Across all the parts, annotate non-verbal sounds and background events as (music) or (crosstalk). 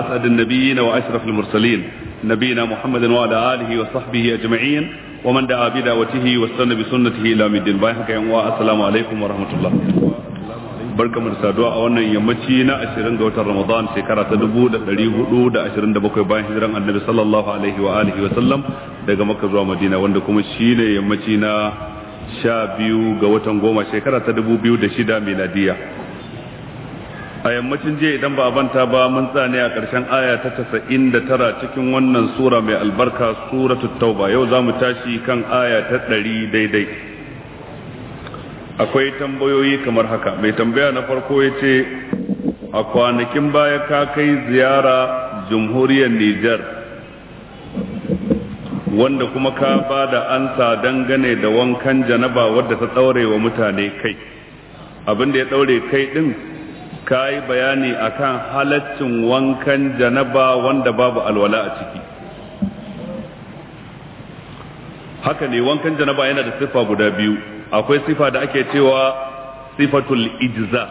أسعد النبيين وأشرف المرسلين نبينا محمد وعلى آله وصحبه أجمعين ومن دعا بدعوته واستنى بسنته إلى يوم الدين بايحك السلام عليكم ورحمة الله barka mu da saduwa a wannan yammaci na 20 ga watan Ramadan shekara ta 1427 bayan hijiran Annabi sallallahu alaihi wa alihi wa sallam daga Makka zuwa Madina wanda kuma shine yammaci na 12 ga watan goma shekara ta 2006 miladiya a yammacin jiya idan ba a banta ba mun tsane a ƙarshen aya ta casa'in da tara cikin wannan sura mai albarka suratul tauba yau za mu tashi kan aya ta ɗari daidai akwai tambayoyi kamar haka mai tambaya na farko ya ce a kwanakin baya ka kai ziyara jamhuriyar nijar wanda kuma ka ba da ansa dangane da wankan janaba wadda ta ɗaure wa mutane kai abin da ya ɗaure kai ɗin ka yi bayani akan halaccin wankan janaba wanda babu alwala a ciki haka ne wankan janaba yana da sifa guda biyu akwai sifa da ake cewa sifatul ijza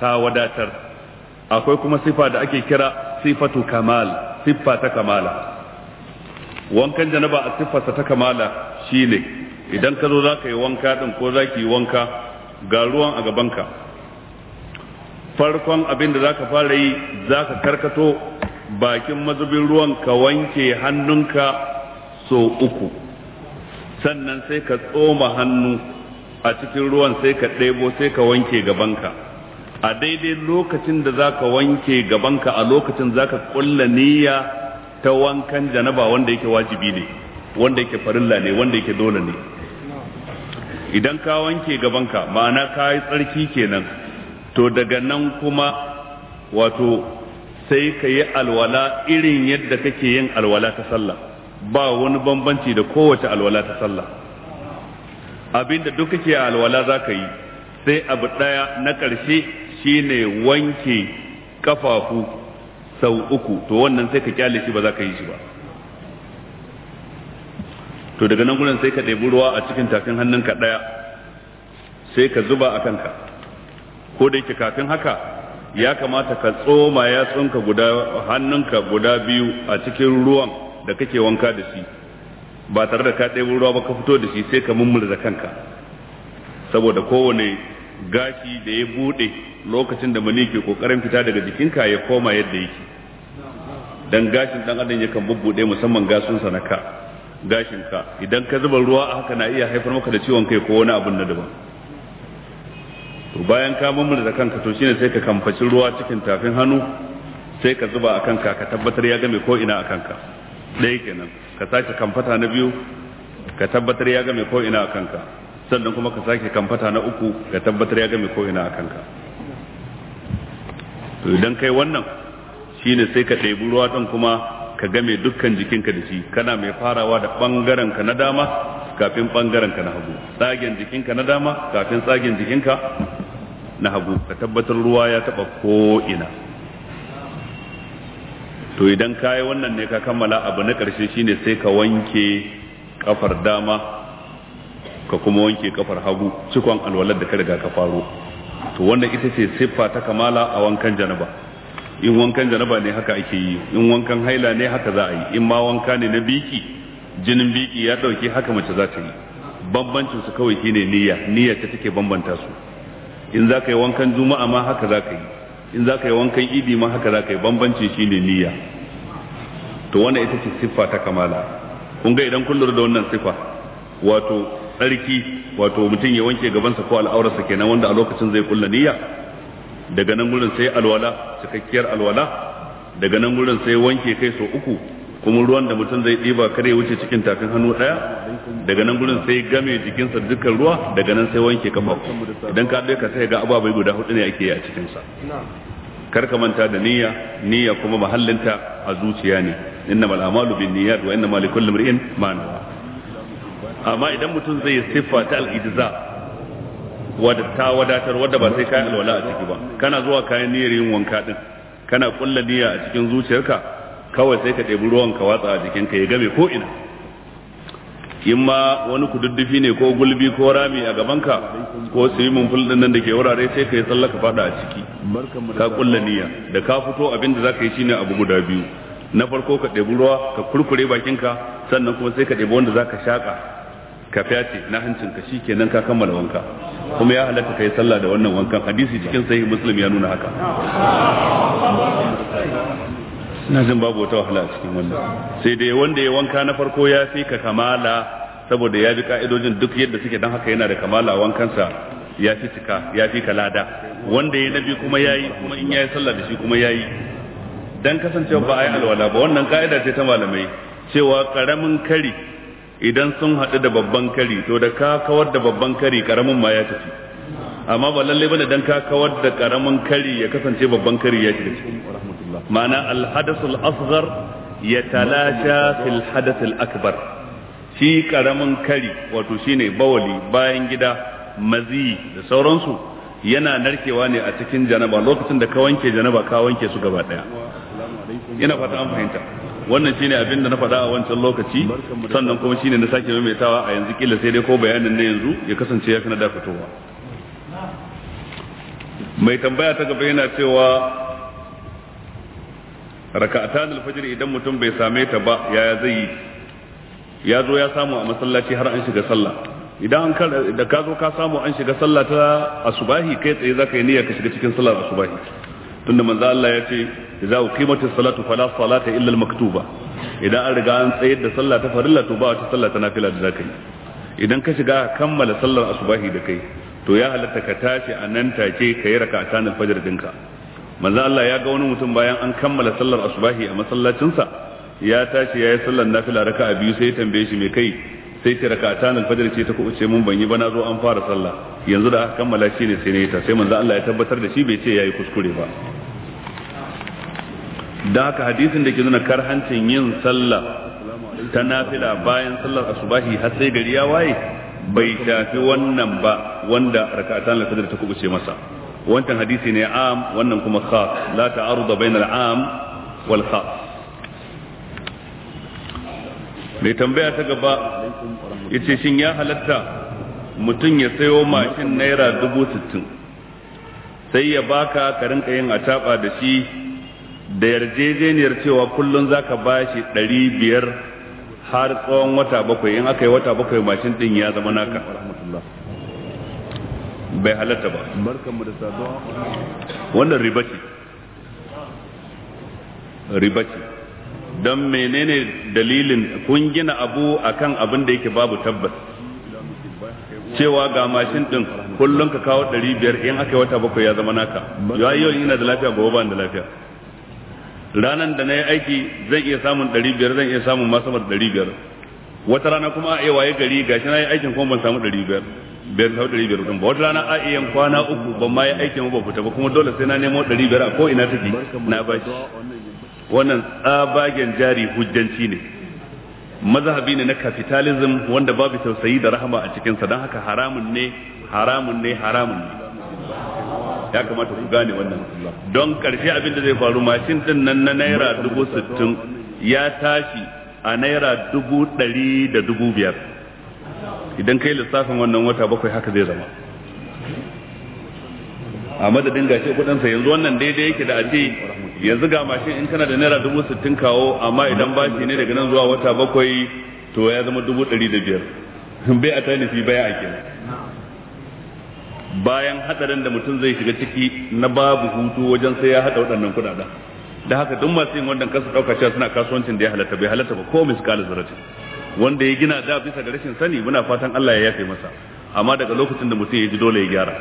ta wadatar akwai kuma sifa da ake kira sifatu kamal siffa ta kamala wankan janaba a siffarsa ta kamala shine idan ka zo za ka yi wanka din ko za ki yi wanka ga ruwan a gabanka farkon abin da za ka fara yi za ka karkato bakin mazubin ruwan ka wanke hannunka so uku sannan sai ka tsoma hannu a cikin ruwan sai ka ɗebo sai ka wanke gabanka a daidai lokacin da za ka wanke gabanka a lokacin za ka kulla niyya ta wankan janaba wanda yake wajibi ne wanda yake farilla ne wanda yake dole ne idan ka wanke gabanka ma'ana ka yi tsarki kenan to daga nan kuma wato sai ka yi alwala irin yadda kake yin alwala ta sallah ba wani bambanci da kowace alwala ta sallah abinda duk kake alwala za ka yi sai abu ɗaya na ƙarshe shine wanke kafafu sau uku to wannan sai ka kyale shi ba za ka yi shi ba to daga nan gudun sai ka ɗebi ruwa a cikin tafin hannunka ɗaya sai ka zuba a kanka ko da yake kafin haka ya kamata ka tsoma yatsunka guda hannunka guda biyu a cikin ruwan da kake wanka da shi ba tare da ka ɗaya ruwa ba ka fito da shi sai ka mummurza kanka saboda kowane gashi da ya buɗe lokacin da mani ke ƙoƙarin fita daga jikinka ya koma yadda yake dan gashin dan adam yakan bubbuɗe musamman gasunsa na ka ka idan ka zuba ruwa a haka na iya haifar maka da ciwon kai ko wani abun na daban to bayan ka mummula da kanka to shine sai ka kamfaci ruwa cikin tafin hannu sai ka zuba a kanka ka tabbatar ya game ko ina a kanka ɗaya kenan ka sake kamfata na biyu ka tabbatar ya game ko ina a kanka sannan kuma ka sake kamfata na uku ka tabbatar ya game ko ina a kanka to idan kai wannan shine sai ka ɗebi ruwa ɗin kuma ka game dukkan jikinka da shi kana mai farawa da bangaren ka na dama kafin bangaren ka na hagu tsagen jikinka na dama kafin tsagen jikinka na hagu ka tabbatar ruwa ya taba ko ina to idan ka wannan ne ka kammala abu na ƙarshe shine sai ka wanke kafar dama ka kuma wanke kafar hagu cikon alwalar da ka riga ka faro to wannan ita ce siffa ta kamala a wankan janaba in wankan janaba ne haka ake yi in wankan haila ne haka za a yi in ma wanka ne na biki jinin biki ya ɗauki haka mace za ta yi bambancin su kawai shine niyya niyya ta take bambanta su in za ka yi wankan juma'a ma haka za ka yi in za ka yi wankan idi ma haka za ka yi bambanci shi ne niyya to wannan ita ce siffa ta kamala kun ga idan kun lura da wannan siffa wato tsarki wato mutum ya wanke gabansa ko al'aurarsa kenan wanda a lokacin zai kulla niyya daga nan gurin sai alwala cikakkiyar alwala daga nan gurin sai wanke kai so uku kuma ruwan da mutum zai ɗiba kar ya wuce cikin tafin hannu ɗaya daga nan gudun sai game jikinsa dukkan ruwa daga nan sai wanke kafa idan ka ɗaya ka sai ga ababai guda hudu ne ake yi a cikinsa kar ka manta da niyya niyya kuma mahallinta a zuciya ne Inna a'malu bin niyyat wa inna likulli imrin ma nawa amma idan mutum zai siffa ta al-ijza wadda ta wadatar wadda ba sai kayan alwala a ciki ba kana zuwa kayan niyyar yin wanka din kana kulla niyya a cikin zuciyarka kawai sai ka ɗebi ruwan ka watsa a jikinka ya game ko ina in ma wani kududdufi ne ko gulbi ko rami a gabanka ko swimming pool din nan da ke wurare sai ka yi ka fada a ciki ka kulla niyya da ka fito abin da za ka yi shine abu guda biyu na farko ka ɗebi ruwa ka kurkure bakinka sannan kuma sai ka ɗebi wanda za ka shaƙa ka fyace na hancinka shi kenan ka kammala wanka kuma ya halatta ka yi sallah da wannan wankan hadisi cikin sahih muslim ya nuna haka ina jin babu wata wahala a cikin wannan sai dai wanda ya wanka na farko ya fi ka kamala saboda ya bi ka'idojin duk yadda suke dan haka yana da kamala wankansa ya fi cika ya fi ka lada wanda ya nabi kuma ya yi kuma in yi sallah da shi kuma yi. dan kasancewa ba yi alwala ba wannan ka'ida ce ta malamai cewa karamin kari idan sun haɗu da babban kari to da ka kawar da babban kari karamin ma ya tafi amma ba lallai bane dan ka kawar da karamin kari ya kasance babban kari ya tafi ma'ana al-hadath al-asghar yatalasha fil hadath al-akbar shi karamin kari wato shine bawali bayan gida mazi da sauransu yana narkewa ne a cikin janaba lokacin da ka wanke janaba ka wanke su gaba daya ina fata an fahimta wannan shine abin da na fada a wancan lokaci sannan kuma shine na sake maimaitawa a yanzu kila sai dai ko bayanin ne yanzu ya kasance ya fi na da fitowa mai tambaya ta gaba yana cewa raka'atan al-fajr idan mutum bai same ta ba yaya zai yi ya zo ya samu a masallaci har an shiga sallah idan an da ka zo ka samu an shiga sallah ta asubahi kai tsaye zaka yi niyyar ka shiga cikin sallar asubahi tunda manzo Allah ya ce idza uqimatis salatu fala salata illa al-maktuba idan an riga an tsayar da sallah ta farilla to ba wata sallah ta nafila da zaka yi idan ka shiga kammala sallar asubahi da kai to ya halatta ka tashi a nan take ka yi raka'atan al-fajr dinka manzo Allah ya ga wani mutum bayan an kammala sallar asubahi a masallacinsa ya tashi ya yi sallar nafila a biyu sai ya tambaye shi mai kai sai ta raka ta fajar ce ta ku ce mun ban yi ba na zo an fara sallah yanzu da aka kammala shi ne sai na yi ta sai manzo Allah ya tabbatar da shi bai ce yi kuskure ba da haka hadisin da ke nuna karhancin yin sallah ta nafila bayan sallar asubahi har sai gari ya waye bai tafi wannan ba wanda raka'atan al-fajr ta kubuce masa wancan hadisi ne am wannan kuma khas la ta'arudu bainal am wal khas mai tambaya ta gaba yace shin ya halatta mutum ya sayo mashin naira dubu sittin sai ya baka ka rinka yin ataba da shi da yarjejeniyar cewa kullum zaka bashi ɗari biyar har tsawon wata bakwai in aka yi wata bakwai mashin ɗin ya zama naka bai halatta ba barkanmu da wannan riba ce riba ce don menene dalilin kun gina abu akan abin da yake babu tabbas cewa ga mashin din kullum ka kawo ɗari biyar in aka yi wata bakwai ya zama naka ya yi yau ina da lafiya ba ban da lafiya ranan da na yi aiki zan iya samun ɗari biyar zan iya samun ma sama ɗari biyar wata rana kuma a iya waye gari gashi na yi aikin kuma ban samu ɗari biyar ban samu ɗari biyar ba wata rana a iya kwana uku ban ma yi aikin ba fita ba kuma dole sai na nemo ɗari biyar a ko ina take na bashi wannan tsabagen jari hujjanci ne mazhabi ne na capitalism wanda babu tausayi da rahama a cikinsa don haka haramun ne haramun ne haramun ne ya kamata ku gane wannan don ƙarshe abin da zai faru mashin din nan na naira dubu sittin ya tashi a naira dubu ɗari da dubu biyar idan kai lissafin wannan wata bakwai haka zai zama a madadin gashi kudinsa yanzu wannan daidai yake da yanzu ga mashin in kana da naira dubu sittin kawo amma idan ba shi ne daga nan zuwa wata bakwai to ya zama dubu ɗari da biyar (laughs) bai a tanifi baya a kenan bayan hadarin da mutum zai shiga ciki na babu hutu wajen sai ya hada waɗannan kudaden da haka duk masu yin wannan kasu dauka cewa suna kasuwancin da ya halatta bai halatta ba ko miskal zarati wanda ya gina da bisa ga rashin sani muna fatan Allah ya yafe masa amma daga lokacin da mutum ya ji dole ya gyara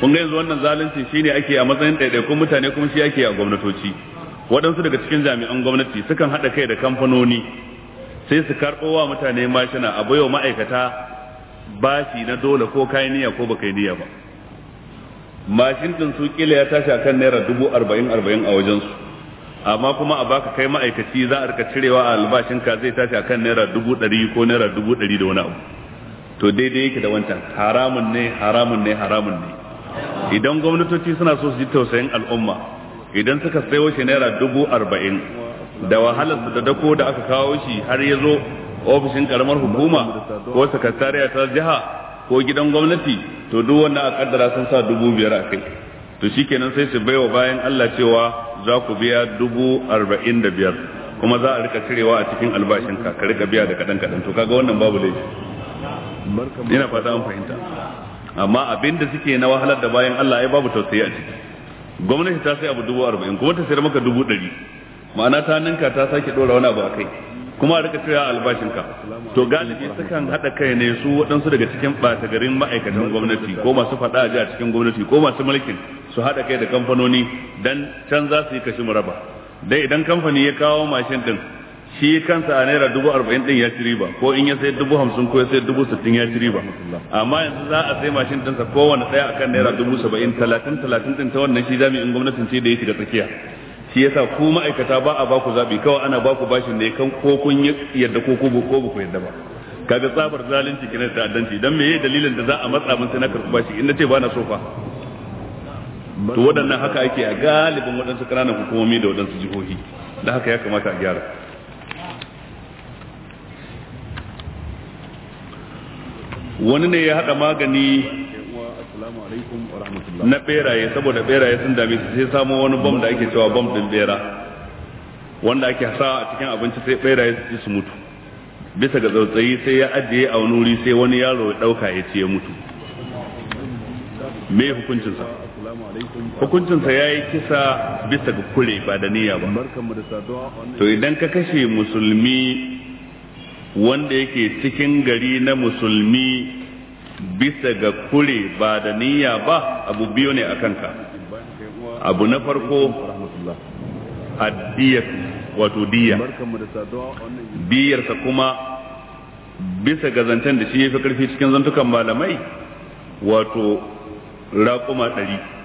kun ga yanzu wannan zalunci shine ake a matsayin ɗaiɗaikun mutane kuma shi ake a gwamnatoci waɗansu daga cikin jami'an gwamnati sukan haɗa kai da kamfanoni sai su karɓo wa mutane mashina a baiwa ma'aikata bashi na dole ko kayan niyya ko baka niyya ba mashin din su kila ya tashi akan naira dubu arba'in arba'in a su. amma kuma a baka kai ma'aikaci za a rika cirewa a albashin ka zai tashi akan naira dubu ɗari ko naira dubu ɗari da wani abu to daidai yake da wancan haramun ne haramun ne haramun ne idan gwamnatoci suna so su ji tausayin al'umma idan suka sayo shi naira dubu arba'in da wahalar da dako da aka kawo shi har ya zo ofishin karamar hukuma ko sakatariya ta jiha ko gidan gwamnati to duk wannan a kaddara sun sa dubu biyar a kai to shikenan sai su baiwa bayan Allah cewa za ku biya dubu arba'in da biyar kuma za a rika cirewa a cikin albashinka ka rika biya da kaɗan kaɗan to kaga wannan babu laifi ina fata an fahimta amma abin da suke na wahalar da bayan Allah ai babu tausayi a ciki gwamnati ta sai abu dubu arba'in kuma ta sayar maka dubu ɗari ma'ana ta ninka ta sake ɗora wani abu a kai kuma a rika cirewa albashinka to galibi sukan haɗa kai ne su waɗansu daga cikin ɓata garin ma'aikatan gwamnati ko masu faɗa a cikin gwamnati ko masu mulkin su haɗa kai da kamfanoni dan can za su yi kashi muraba dai idan kamfani ya kawo mashin din shi kansa a naira dubu arba'in din ya ci riba ko in ya sai dubu hamsin ko ya sai dubu sittin ya ci riba amma yanzu za a sai mashin dinsa kowane ɗaya akan naira dubu saba'in talatin talatin din ta wannan shi jami'in gwamnatin ce da ya shiga tsakiya shi yasa ku ma'aikata ba a ba ku zaɓi kawai ana ba ku bashin ne kan ko kun yadda ko ko ba ku yadda ba kaga tsabar zalunci kenan da addanci dan meye dalilin da za a matsa mun sai na karɓi bashi in ce ba na so fa to waɗannan haka ake a galibin waɗansu ƙananan hukumomi da waɗansu jihohi da haka ya kamata a gyara wani ne ya haɗa magani na beraye saboda beraye sun dame su sai samu wani bom da ake cewa bom ɗin bera wanda ake sa a cikin abinci sai beraye su ci su mutu bisa ga tsautsayi sai ya ajiye a wani wuri sai wani yaro ya ɗauka ya ci ya mutu me hukuncinsa hukuncinsa ya yi kisa bisa ga kure ba da niyya ba to idan ka kashe musulmi wanda yake cikin gari na musulmi bisa ga kure ba da niyya ba abu biyu ne a kanka abu na farko addiyar wato diya biyarsa kuma bisa ga zancen da shi ya fi karfi cikin zantukan malamai wato raƙuma ɗari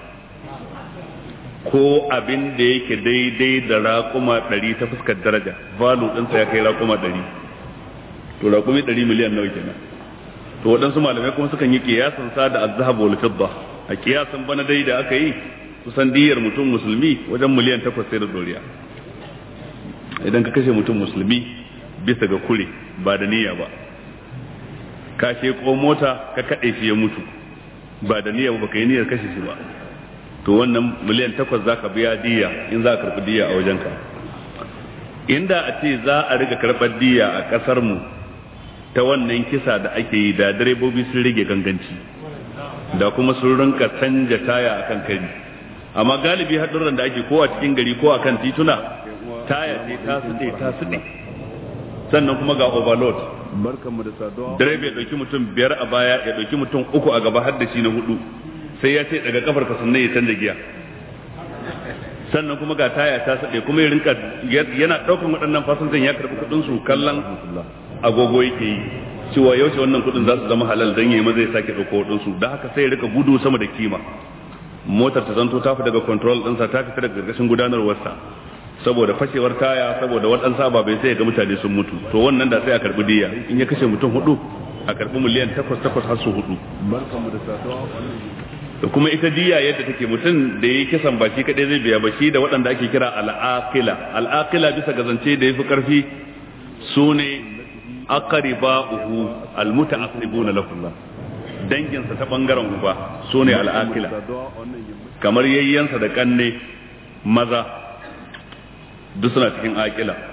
ko abin da yake daidai da raƙuma ɗari ta fuskar daraja valu ɗinsa ya kai raƙuma ɗari to raƙumi ɗari miliyan nawa kenan to waɗansu malamai kuma sukan yi kiyasan sa da azhab wal fidda a kiyasan bana dai da aka yi kusan diyar mutum musulmi wajen miliyan takwas sai da doriya idan ka kashe mutum musulmi bisa ga kure ba da niyya ba ka ko mota ka kaɗe shi ya mutu ba da niyya ba ka yi niyyar kashe shi ba to wannan miliyan takwas za ka biya diya in za a karɓi diya a wajenka inda a ce za a riga karɓar diya a ƙasar mu ta wannan kisa da ake yi da direbobi sun rage ganganci da kuma sun rinka canja taya akan kari amma galibi haɗurran da ake ko a cikin gari ko a kan tituna taya ce ta suɗe ta suɗe sannan kuma ga overload direba ya ɗauki mutum biyar a baya ya ɗauki mutum uku a gaba har da shi na hudu sai ya ce daga kafar ka sannan ya canza giya sannan kuma ga taya ta sade kuma ya rinka yana daukan waɗannan fasinjan ya karbi kudin su kallon agogo yake yi cewa yaushe wannan kudin za su zama halal dan yayi maza ya sake dauko kudin su dan haka sai ya rika gudu sama da kima motar ta zanto ta fi daga control ɗinsa ta fita daga gargashin gudanarwarsa saboda fashewar taya saboda waɗansa ababai sai ga mutane sun mutu to wannan da sai a karɓi diya in ya kashe mutum hudu a karɓi miliyan takwas takwas har su hudu kuma ita diya yadda take mutum da yi kisan baki kaɗai kadai zai biya ba da waɗanda ake kira al'aqila al'aqila bisa ga zance da yafi karfi sune aqribahu almuta'assibuna lakullah dangin sa ta bangaren uba sune al'aqila kamar yayyansa da kanne maza dusuna cikin aqila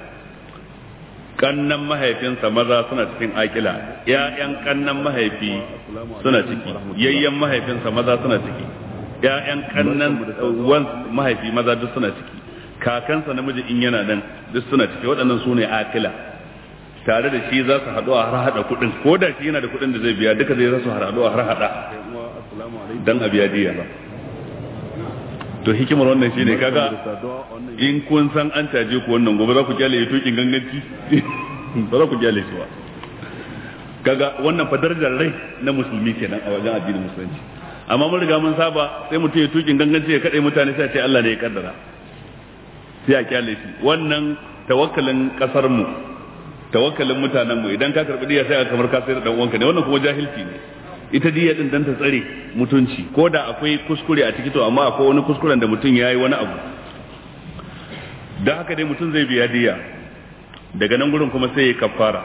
kannan mahaifinsa maza suna cikin akila Ya'yan kannan mahaifi suna ciki yayyan mahaifinsa maza suna ciki Ya'yan kannan wan mahaifi maza duk suna ciki kakansa namiji in yana nan duk suna ciki waɗannan su ne akila tare da shi za su haɗu a har haɗa kuɗin ko da shi yana da kuɗin da zai biya duka zai za su haɗu a har haɗa dan a biya diya to hikimar wannan shine kaga in kun san an caje ku wannan gobe za ku kyale ya tokin ganganci (laughs) ba za ku kyale shi ba kaga wannan fa darajar rai na musulmi kenan a wajen addinin musulunci amma mun riga mun saba sai mutum ya tokin ganganci ya kade mutane sai a ce Allah ne ya kaddara sai a kyale shi wannan tawakkalin kasar mu tawakkalin mutanen mu idan ka karbi diya sai ka kamar ka sai da dan uwanka ne wannan kuma jahilci ne ita diya din dan tsare mutunci ko da akwai kuskure a ciki to amma akwai wani kuskuren da mutum yayi wani abu da haka dai mutum zai biya diya daga nan gurin kuma sai ya kafara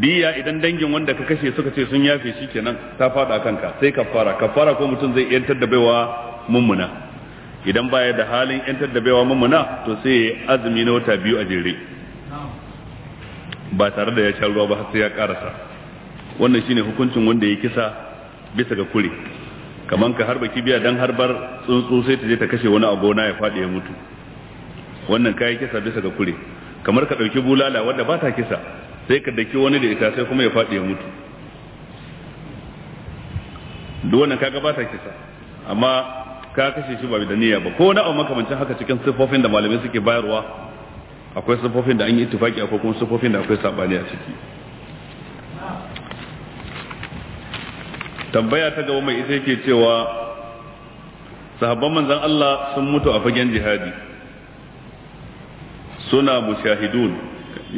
diya idan dangin wanda ka kashe suka ce sun yafe shi kenan ta fada kanka sai kafara kafara ko mutum zai yantar da baiwa mummuna idan baya da halin yantar da baiwa mummuna to sai azumi na wata biyu a jere ba tare da ya sha ruwa ba sai ya karasa wannan shine hukuncin wanda ya kisa bisa ga kure kaman ka harba kibiya dan harbar tsuntsu sai ta je ta kashe wani a gona ya faɗi ya mutu wannan kai kisa bisa ga kure kamar ka ɗauki bulala wanda ba ta kisa sai ka daki wani da ita sai kuma ya faɗi ya mutu duk wannan kaga ba ta kisa amma ka kashe shi ba da niyya ba ko na abu makamancin haka cikin siffofin da malamai suke bayarwa akwai siffofin da an yi ittifaki akwai kuma siffofin da akwai sabani a ciki tambaya ta gaba mai ita yake cewa sahabban manzan Allah sun mutu a fagen jihadi suna mushahidun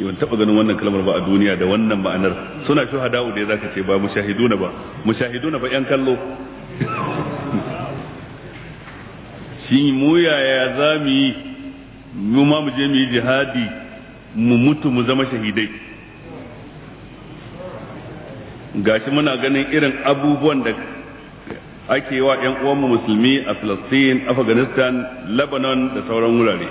ban taba ganin wannan kalmar ba a duniya da wannan ma'anar suna shuhada'u da zaka ce ba mushahiduna ba mushahiduna ba yan kallo (laughs) shi mu yaya za mu yi mu ma mu je mu yi jihadi mu mutu mu zama shahidai gashi muna ganin irin abubuwan da ake wa 'yan uwanmu musulmi a Palestine, Afghanistan, Lebanon da sauran wurare.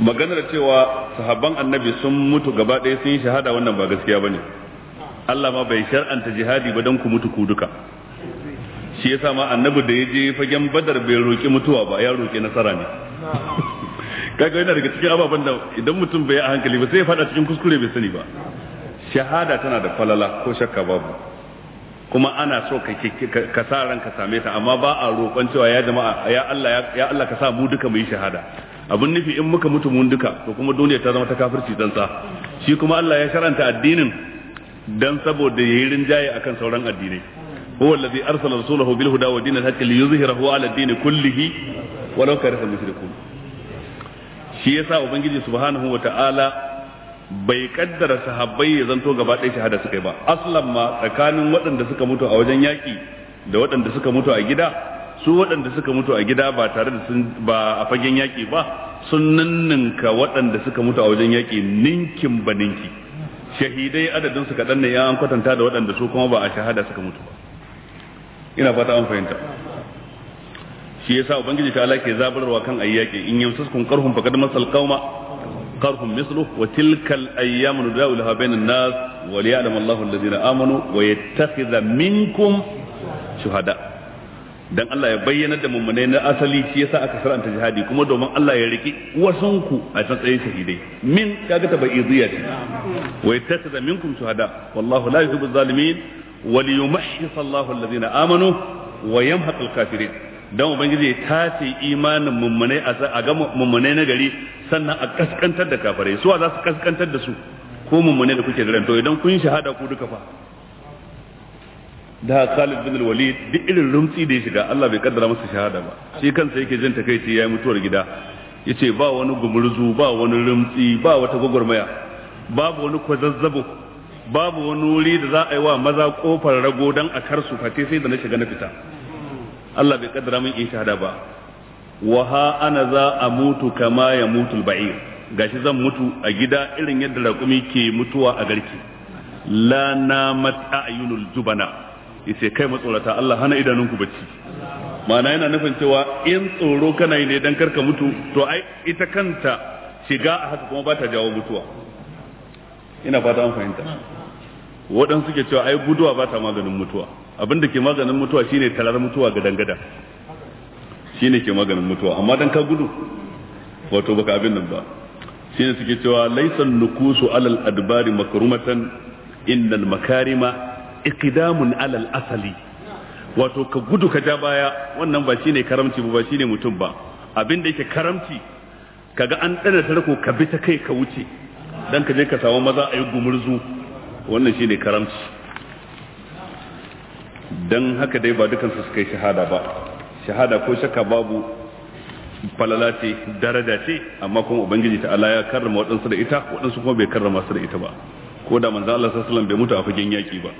Maganar cewa sahabban annabi sun mutu gaba ɗaya sun shahada wannan ba gaskiya ba ne. Allah ma bai shar'anta jihadi ba don ku mutu ku duka. Shi yasa ma annabi da ya je fagen badar bai roƙi mutuwa ba ya roƙi nasara ne. Kaga yana daga cikin ababen da idan mutum bai a hankali ba sai ya faɗa cikin kuskure bai sani ba. shahada tana da falala ko shakka babu kuma ana so ka ka sa ranka same ta amma ba a roƙon cewa ya jama'a ya Allah ya Allah ka sa mu duka mu yi shahada abin nufi in muka mutu mun duka to kuma duniya ta zama ta kafirci tsantsa shi kuma Allah ya sharanta addinin dan saboda yayi rinjaye akan sauran addinai huwa allazi arsala rasulahu bil huda wa dinil haqqi liyuzhirahu ala ad-din kullihi walau kariha al-mushrikun shi yasa ubangiji subhanahu wa ta'ala bai kaddara sahabbai ya zanto gaba ɗaya shahada suka yi ba aslan ma tsakanin waɗanda suka mutu a wajen yaƙi da waɗanda suka mutu a gida su waɗanda suka mutu a gida ba tare da sun ba a fagen yaƙi ba sun ninninka waɗanda suka mutu a wajen yaƙi ninkin ba ninki shahidai adadin su kaɗan ne ya an kwatanta da waɗanda su kuma ba a shahada suka mutu ba ina fata an fahimta shi yasa ubangiji ta Allah ke zabarwa kan ayyaki in yamsaskun qarhum faqad masal qauma qarhum misluh wa tilka al-ayyam nudawilha bainan nas wa liya'lam Allahu alladhina amanu wa yattakhidha minkum shuhada dan Allah ya bayyana da mummunai na asali shi yasa aka shar'anta jihadi kuma domin Allah ya riki wasunku a can tsaye shahidai min kaga ta bai iziya ce wa yattakhidha minkum shuhada wallahu la yuhibbu zalimin wa liyumahhis Allahu alladhina amanu wa yamhaqu al-kafirin don ubangiji ya tace imanin mummunai a ga mummunai na gari sannan a kaskantar da kafirai suwa za su kaskantar da su ko mummunai da kuke garin to idan kun shahada ku duka fa da Khalid bin Walid duk irin rumtsi da ya shiga Allah bai kaddara masa shahada ba shi kansa yake jin takeici yayi mutuwar gida yace ba wani gumurzu ba wani rumtsi ba wata gwagwarmaya babu wani kwazazzabo babu wani wuri da za a yi wa maza kofar rago dan a karsu fate sai da na shiga na fita Allah bai kaddara min in shahada ba wa ha ana za a mutu kama ya mutu ba'ir gashi zan mutu a gida irin yadda raƙumi ke mutuwa a garki la na mata ayunul jubana yace kai matsorata Allah hana idanun ku bacci ma'ana yana nufin cewa in tsoro kana yi ne dan karka mutu to ai ita kanta shiga a haka kuma ba ta jawo mutuwa ina fata an fahimta waɗansu suke cewa ai guduwa ba ta maganin mutuwa abin da ke maganin mutuwa shine tarar mutuwa ga dangada shine ke maganin mutuwa amma dan ka gudu wato baka abin nan ba shine suke cewa laisan nukusu alal adbari makrumatan innal makarima iqdamun alal asali wato ka gudu ka ja baya wannan ba shine karamci ba shine mutum ba abin da yake karamci kaga an dana tarko ka bi ta kai ka wuce dan ka je ka samu maza ayi gumurzu wannan shi ne karamci dan haka dai ba dukkan su suka yi shahada ba shahada ko shakka babu falala ce daraja ce amma kuma ubangiji ta ala ya karrama waɗansu da ita waɗansu kuma bai karrama su da ita ba ko da manzo Allah sallallahu bai mutu a fagen yaki ba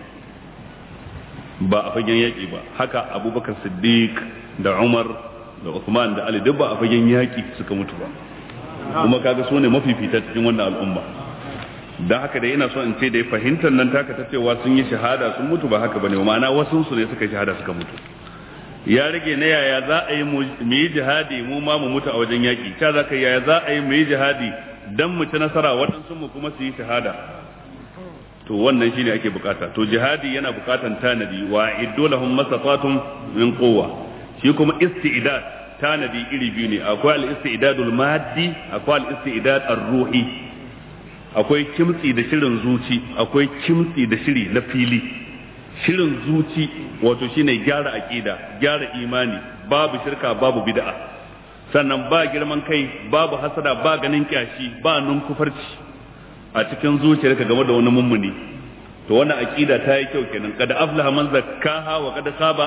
ba a fagen yaki ba haka Abubakar Siddiq da Umar da usman da Ali duk ba a fagen yaki suka mutu ba kuma kaga su ne mafifita cikin wannan al'umma da haka da yana so in ce da fahimtar nan taka ta cewa sun yi shahada sun mutu ba haka bane ma'ana wasu su ne suka shahada suka mutu ya rage na yaya za a yi mu yi jihadi mu ma mu mutu a wajen yaki ta za ka yaya za a yi mu yi jihadi dan mu ci nasara waɗansu mu kuma su yi shahada to wannan shine ake bukata to jihadi yana bukatan tanadi wa iddulahum masafatun min quwwa shi kuma istidad tanadi iri biyu ne akwai al-istidadul maddi akwai al-istidad ar-ruhi akwai kimtsi da shirin zuci akwai kimtsi da shiri na fili shirin zuci wato shine gyara aqida gyara imani babu shirka babu bid'a sannan ba girman kai babu hasada ba ganin kyashi ba kufarci a cikin zuciyarka game da wani mummuni to wannan aqida ta yi kyau kenan kada aflaha man zakkaha wa kada khaba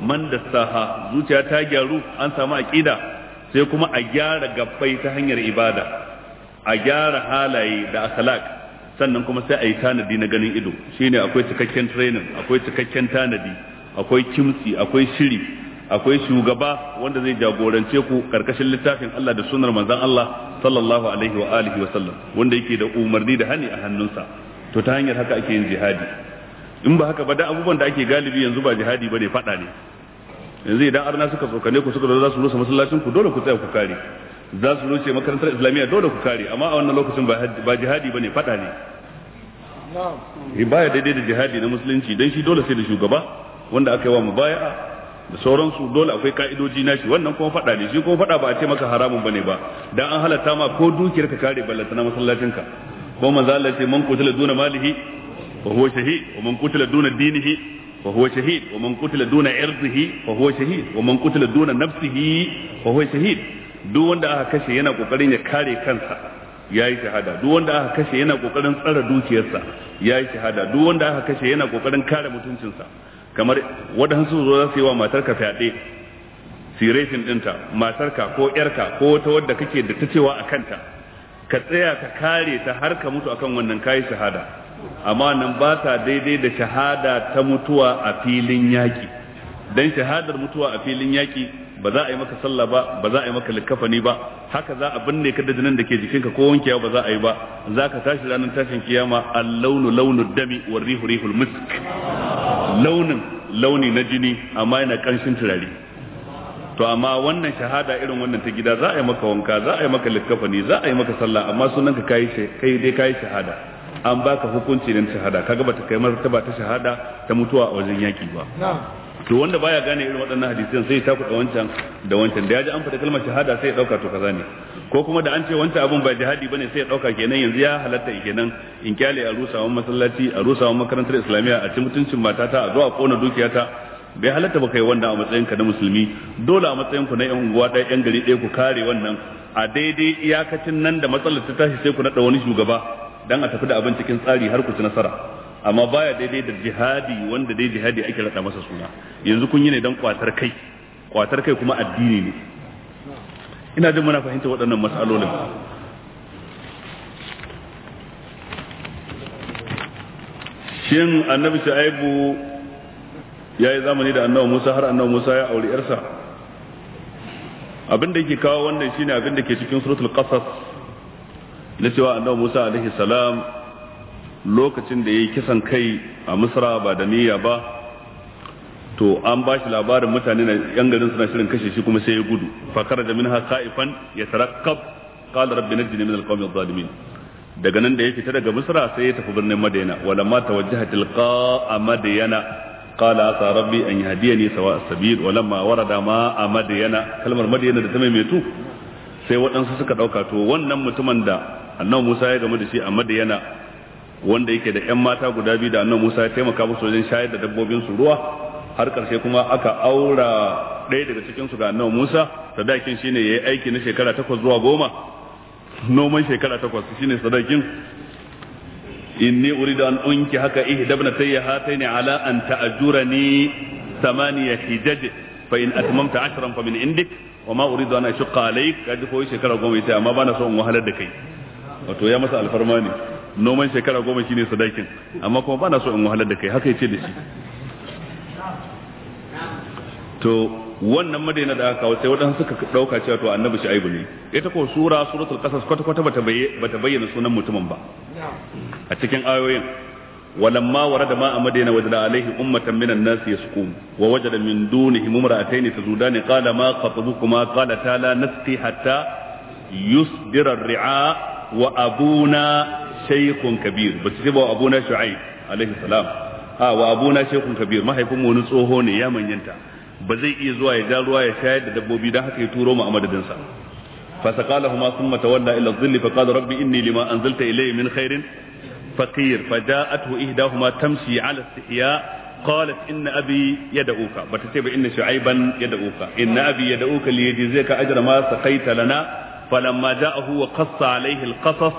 man dassaha zuciya ta gyaru an samu aqida sai kuma a gyara gabbai ta hanyar ibada a gyara halaye da akhlaq sannan kuma sai a yi tanadi na ganin ido shine akwai cikakken training akwai cikakken tanadi akwai kimsi akwai shiri akwai shugaba wanda zai jagorance ku karkashin littafin Allah da sunnar manzon Allah sallallahu alaihi wa alihi wa sallam wanda yake da umarni da hani a hannunsa to ta hanyar haka ake yin jihadi in ba haka ba da abubuwan da ake galibi yanzu ba jihadi bane fada ne yanzu idan arna suka tsokane ku suka zo za su rusa masallacin ku dole ku tsaya ku kare za su rushe makarantar islamiyya dole ku kare amma a wannan lokacin ba jihadi bane fada ne baya daidai da jihadi na musulunci dan shi dole sai da shugaba wanda aka yi wa mubaya'a da sauransu dole akwai ka'idoji na shi wannan kuma fada ne shi kuma fada ba a ce maka haramun bane ba dan an halatta ma ko dukiyar ka kare ballata na ka ko manzo Allah ya ce man kutila duna malihi fa huwa shahid wa man kutila duna dinihi fa huwa shahid wa man kutila duna irdihi fa huwa shahid wa man kutila duna nafsihi fa huwa shahid duk wanda aka kashe yana kokarin ya kare kansa ya yi shahada duk wanda aka kashe yana kokarin tsara dukiyarsa ya yi shahada duk wanda aka kashe yana kokarin kare mutuncinsa kamar wadansu zo za su yi wa matarka fyaɗe sirefin ɗinta matarka ko ƴarka ko wata wadda kake da ta cewa a kanta ka tsaya ka kare ta har ka mutu akan wannan kayi shahada amma nan ba ta daidai da shahada ta mutuwa a filin yaki. Dan shahadar mutuwa a filin yaki. ba za a yi maka sallah ba ba za a yi maka likafani ba haka za a binne ka da jinin da ke jikinka ko wankewa ba za a yi ba za ka tashi ranar tashin kiyama al-launu launu dami wa rihu rihul misk launin launi na jini amma yana kanshin turare to amma wannan shahada irin wannan ta gida za a yi maka wanka za a yi maka likafani za a yi maka sallah amma sunanka kai kai dai kai shahada an baka hukunci na shahada kaga bata kai martaba ta shahada ta mutuwa a wajen yaki ba to wanda baya gane irin waɗannan hadisan sai ya da wancan da wancan da ya ji an faɗa kalmar shahada sai ya ɗauka to kaza ne ko kuma da an ce wancan abun ba jihadi bane sai ya ɗauka kenan yanzu ya halatta kenan in kyale a rusawan masallaci a rusawan makarantar islamiyya a ci mutuncin matata a zo a kona dukiyata bai halatta ba kai wanda a matsayin ka na musulmi dole a matsayin ku na yan unguwa ɗaya yan gari ɗaya ku kare wannan a daidai iyakacin nan da matsalar ta tashi sai ku naɗa wani shugaba dan a tafi da abin cikin tsari har ku ci nasara amma baya daidai da jihadi wanda dai jihadi ake rada masa suna yanzu kun yi ne dan kwatar kai kwatar kai kuma addini ne ina jin muna fahimta waɗannan matsalolin shin annabi shu'aibu ya yi zamani da annabi musa har annabi musa ya auri yarsa abin da yake kawo wannan shine abin da ke cikin suratul qasas na cewa annabi musa alaihi salam lokacin da ya yi kisan kai a misra ba da niyya ba to an ba shi labarin mutane na yan garin suna shirin kashe shi kuma sai ya gudu fakar da haka ifan ya tarakkab kala rabbi jini min alqawmi adh daga nan da ya fita daga misra sai ya tafi birnin madina walamma tawajjaha rabbi an yi عسى ربي أن يهديني سواء السبيل ولما ورد a مدينة kalmar مدينة da ta maimaitu sai waɗansu suka ɗauka to wannan mutumin da annabi Musa ya gama da shi a Madiyana wanda yake da yan mata guda biyu da annabi Musa ya taimaka musu wajen shayar da dabbobin su ruwa har karshe kuma aka aura ɗaya daga cikin su ga annabi Musa sadakin shine yayi aiki na shekara takwas zuwa goma noman shekara takwas shine sadakin inni uridu an unki haka ihdabnatayya hataini ala an ta'jurani thamaniya hijaj fa in atmamta ashran fa min indik wa ma uridu an ashqa alayk kaji koyi shekara goma ita amma bana so in wahalar da kai wato ya masa alfarma ne noman shekara goma shi ne sadakin amma kuma ba na so in wahalar da kai haka yace da shi to wannan madaina da aka kawo sai wadansu suka dauka cewa to annabi aibu ne ita ko sura suratul qasas kwata kwata bata bata bayyana sunan mutumin ba a cikin ayoyin ولما ورد ماء مدينة وجد عليه أمة من الناس يسقون ووجد من دونهم امرأتين تزودان قال ما خطبكما قالتا لا نسقي حتى يصدر الرعاء وأبونا shaykhun kabir ba su ce ba abuna shu'aib alaihi salam a wa abuna shaykhun kabir mahaifin mu wani tsoho ne ya manyanta ba zai iya zuwa ya ja ruwa ya shayar da dabbobi dan haka ya turo mu a madadin sa fa saqalahuma thumma tawalla ila dhilli fa qala rabbi inni lima anzalta ilayya min khairin faqir fa ja'athu ihdahuma tamshi ala istihya قالت إن أبي يدعوك بتتبع إن شعيبا يدعوك إن أبي يدعوك ليجزيك أجر ma سقيت lana. فلما جاءه وقص عليه القصص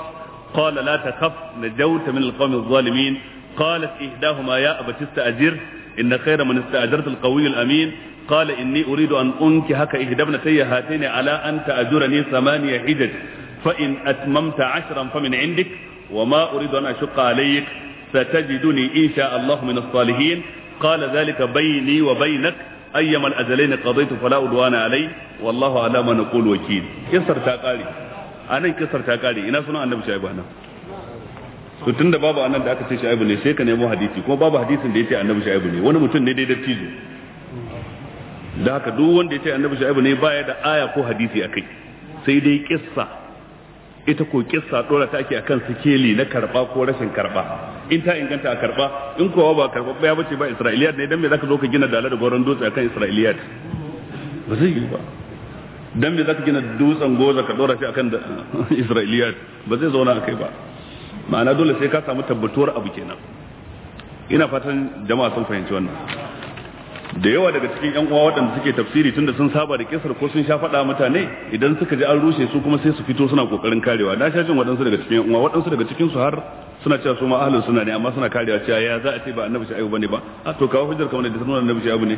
قال لا تخف نجوت من القوم الظالمين قالت إحداهما يا أبت استأجر إن خير من استأجرت القوي الأمين قال إني أريد أن أنكحك إحدى ابنتي هاتين على أن تأجرني ثمانية حجج فإن أتممت عشرا فمن عندك وما أريد أن أشق عليك ستجدني إن شاء الله من الصالحين قال ذلك بيني وبينك أيما الأزلين قضيت فلا أدوان علي والله على ما نقول وكيل يسر تقالي a nan kisar ta kare ina sunan annabi shaibu nan to tunda babu annan da aka ce shaibu ne sai ka nemo hadisi kuma babu hadisin da yace annabi shaibu ne wani mutum ne dai dattijo da haka duk wanda yace annabi shaibu ne baya da aya ko hadisi akai sai dai kissa ita ko kissa dora ta ake akan sikeli na karba ko rashin karba in ta inganta a karba in kowa ba karba ba ya bace ba isra'iliyat ne dan me zaka zo ka gina dala da goron dutse akan isra'iliyat ba zai yi ba dan me zaka gina dutsen goza ka dora shi akan (laughs) Isra'iliyat ba zai zauna akai ba ma'ana dole sai ka samu tabbatuwar abu kenan ina fatan jama'a sun fahimci wannan da yawa daga cikin yan uwa waɗanda suke tafsiri tunda sun saba da kisar ko sun sha faɗa mutane idan suka ji an rushe su kuma sai su fito suna kokarin karewa na sha jin waɗansu daga cikin yan uwa waɗansu daga cikin su har suna cewa su ma ahlin suna ne amma suna karewa cewa ya za a ce ba annabi shi ayyuba ne ba a ah, to kawo hujjar kamar da nuna annabi shi abu ne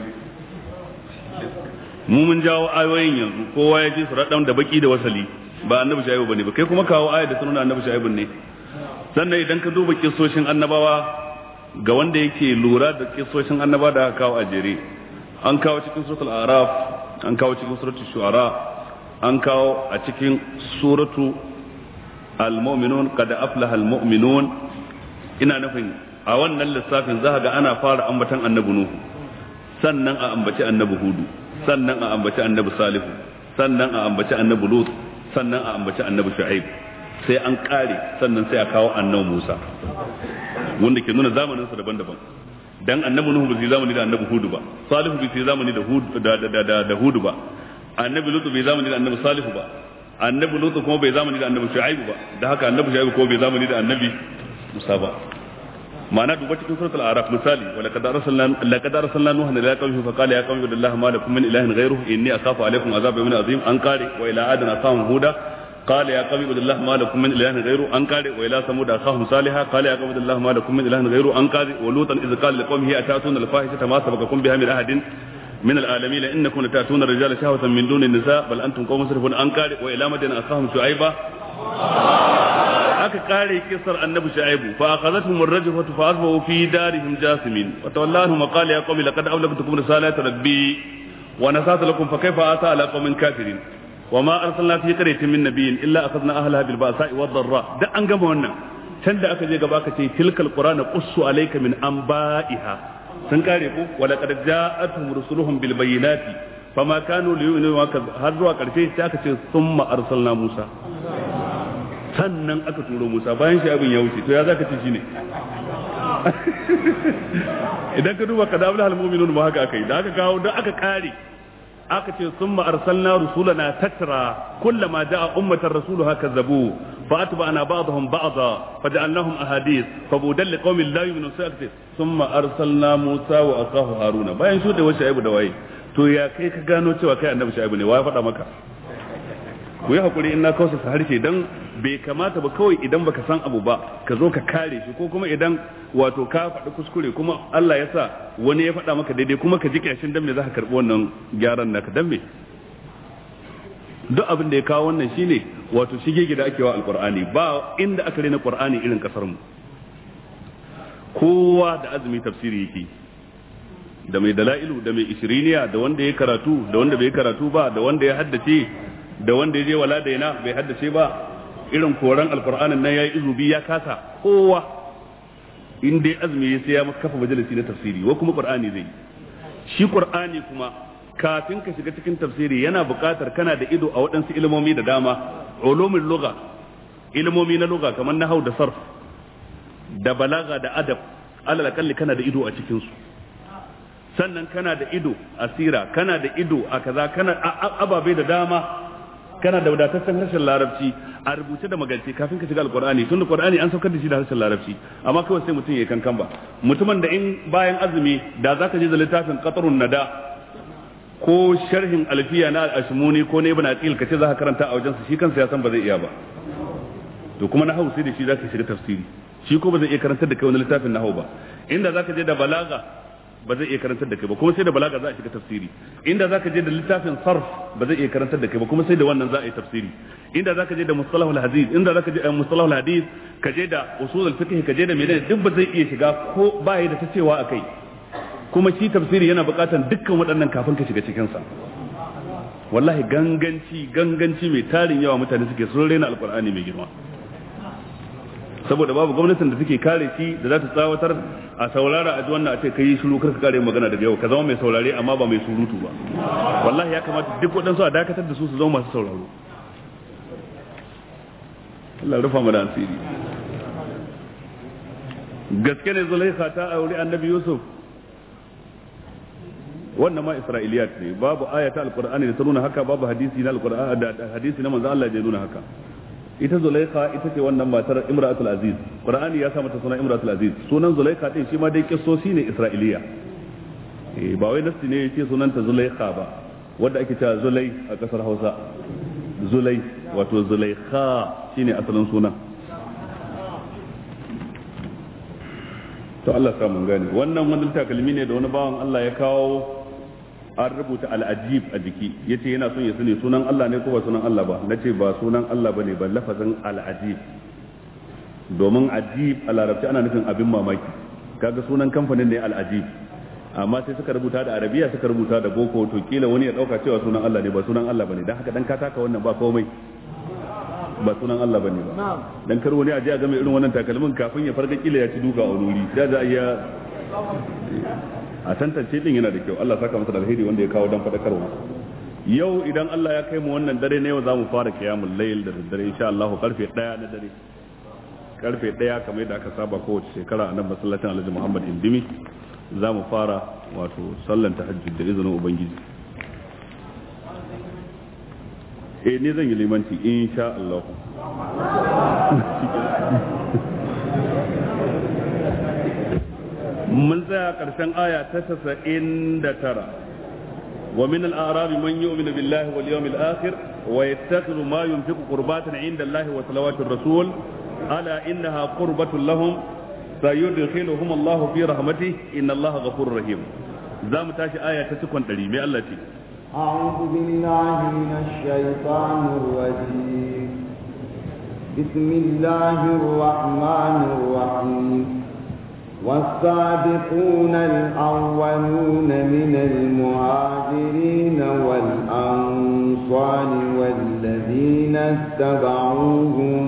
mu mun jawo ayoyin yanzu kowa ya ji su raɗan da baki da wasali ba annabi shaibu bane ba kai kuma kawo aya da sunan annabi shaibu ne sannan idan ka duba kissoshin annabawa ga wanda yake lura da kissoshin annabawa da aka kawo a jere an kawo cikin suratul araf an kawo cikin suratul shu'ara an kawo a cikin suratu al qad aflaha al ina nufin a wannan lissafin za ga ana fara ambatan annabi nuhu sannan a ambaci annabi hudu sannan a ambaci annabi salihu sannan a ambaci annabi lut sannan a ambaci annabi shu'aib sai an kare sannan sai a kawo annabi musa wanda ke nuna zamaninsa daban-daban dan annabi nuhu bai zamani da annabi hudu ba salihu bai zamani da hudu da da da da hudu ba annabi lut bai zamani da annabi salihu ba annabi lut kuma bai zamani da annabi shu'aib ba da haka annabi shu'aib kuma bai zamani da annabi musa ba ma'ana duba cikin suratul araf misali wa laqad arsalna laqad arsalna nuhan ila qaumihi fa qala ya qaumi billahi ma lakum min ilahin ghayruhu inni akhafu alaykum azab yawmin azim an qari wa ila adana asahum huda قال يا قوم اعبدوا الله ما لكم من اله غيره ان قال والى ثمود اخاهم صالحا قال يا قوم اعبدوا الله ما لكم من اله غيره ان قال ولوطا اذ قال لقومه اتاتون الفاحشه ما سبقكم بها من احد من العالمين انكم لتاتون الرجال شهوه من دون النساء بل انتم قوم مسرفون ان قال والى مدين اخاهم شعيبا aka kare kisar annabi shu'aibu fa akhadathum ar-rajfatu fa asbahu fi darihim jasimin wa tawallahum wa qala ya qaumi laqad awlaqtukum risalata rabbi wa nasata lakum fa kayfa ata ala qaumin kafirin wa ma arsalna fi qaryatin min nabiyyin illa akhadna ahlaha bil ba'sa'i wad dharra da an gama wannan can da aka je gaba ka ce tilkal qur'ana qussu alayka min anba'iha sun kare ko wa laqad ja'atuhum rusuluhum bil bayyinati fama kanu liyu'minu har zuwa karshe sai aka ce summa arsalna musa sannan aka turo Musa bayan shi abin ya wuce to ya zaka ce shine idan ka duba kadabul halmuminun ba haka akai da aka kawo da aka kare aka ce summa arsalna rusulana tatra kullama jaa ummatan rasuluha kazzabu fa atba'na ba'dahum ba'dha faja'alnahum ahadith fa budal liqaumin la yu'minun sa'at summa arsalna musa wa akahu haruna bayan shi shude wace aibu da waye to ya kai ka gano cewa kai annabi shaibu ne wa ya faɗa maka ku yi hakuri in na kausa harshe dan bai kamata ba kawai idan baka san abu ba ka zo ka kare shi ko kuma idan wato ka faɗi kuskure kuma Allah ya sa wani ya faɗa maka daidai kuma ka ji kyashin dan me za ka karɓi wannan gyaran naka dan me duk abin da ya kawo wannan shine wato shige gida ake wa alqur'ani ba inda aka rena qur'ani irin kasar mu kowa da azumi tafsiri yake da mai dala'ilu da mai ishiriniya da wanda ya karatu da wanda bai karatu ba da wanda ya haddace da wanda ya je wala yana bai haddace ba irin koran alqur'anin nan yayi izubi ya kasa kowa in dai azumi ya sai ya kafa majalisi na tafsiri wa kuma qur'ani zai shi qur'ani kuma kafin ka shiga cikin tafsiri yana buƙatar kana da ido a waɗansu ilmomi da dama ulumul lugha ilmomi na lugha kamar nahau da sarf da balaga da adab alal kalli kana da ido a cikin su sannan kana da ido a sira kana da ido a kaza kana ababe da dama kana da wadataccen harshen larabci a rubuce da magance kafin ka shiga alqur'ani tunda qur'ani an saukar da shi da harshen larabci amma kawai sai mutum ya kankan ba mutumin da in bayan azumi da zaka je da littafin na da ko sharhin alfiya na al-ashmuni ko na ibn aqil kace zaka karanta a wajen shi kansa ya san ba zai iya ba to kuma na sai da shi zaka shiga tafsiri shi ko ba zai iya karantar da kai wani littafin hau ba inda zaka je da balaga ba zai iya karantar da kai ba kuma sai da balaga za a shiga tafsiri inda zaka je da littafin sarf ba zai iya karantar da kai ba kuma sai da wannan za a yi tafsiri inda zaka je da mustalahul hadith inda zaka je eh, mustalahul hadith ka je da usulul fiqh ka je da menene duk ba zai iya shiga ko ba ya da ta cewa akai kuma shi tafsiri yana buƙatar dukkan waɗannan kafin ka shiga cikin sa wallahi ganganci ganganci mai tarin yawa mutane suke sun raina alqur'ani mai girma saboda babu gwamnatin da suke kare shi da za ta tsawatar a saurara a ji wannan a ce kai shiru kar ka kare magana daga yau ka zama mai saurare amma ba mai surutu ba wallahi ya kamata duk waɗansu a dakatar da su su zama masu sauraro Allah rufa mu da asiri gaske ne zulaiha ta auri Annabi Yusuf wannan ma Isra'iliyat ne babu ayata alqur'ani da ta nuna haka babu hadisi na alqur'ani da hadisi na manzo Allah da nuna haka ita zulaikha ita ce wannan matar imratul aziz qur'ani ya sa mata suna imratul aziz sunan zulaikha din shi ma dai kissosi ne isra'iliya eh, ba wai nasti ne yake sunanta zulaikha ba wanda ake cewa zulai a kasar hausa zulai wato zulaikha shine asalin sunan to Allah sa mun gane wannan wani takalmi ne da wani bawan Allah ya kawo an rubuta al'ajib a jiki yace yana son ya sani sunan Allah ne ko ba sunan Allah ba nace ba sunan Allah bane ba lafazin al'ajib domin ajib a larabci ana nufin abin mamaki kaga sunan kamfanin ne al'ajib amma sai suka rubuta da arabiya suka rubuta da boko to kila wani ya dauka cewa sunan Allah ne ba sunan Allah bane dan haka dan ka taka wannan ba komai ba sunan Allah bane ba dan kar wani aje a ga mai irin wannan takalmin kafin ya farga kila ya ci duka a wuri da za a iya a tantance din yana da kyau Allah saka masa da alheri wanda ya kawo dan fadakarwa yau idan Allah ya kai mu wannan dare ne yau zamu fara kiyamul layl da dare insha Allah karfe 1 na dare karfe 1 kamar yadda aka saba kowace shekara a nan masallacin Alhaji Muhammad Indimi zamu fara wato sallan tahajjud da izinin ubangiji eh ne zan yi limanci insha Allah من ذا قرشان آية تسس إن ترى ومن الأعراب من يؤمن بالله واليوم الآخر ويتخذ ما ينفق قربات عند الله وصلوات الرسول ألا إنها قربة لهم سيدخلهم الله في رحمته إن الله غفور رحيم ذا متاش آية تسكن تليم يا التي أعوذ بالله من الشيطان الرجيم بسم الله الرحمن الرحيم والسابقون الأولون من المهاجرين والأنصار والذين اتبعوهم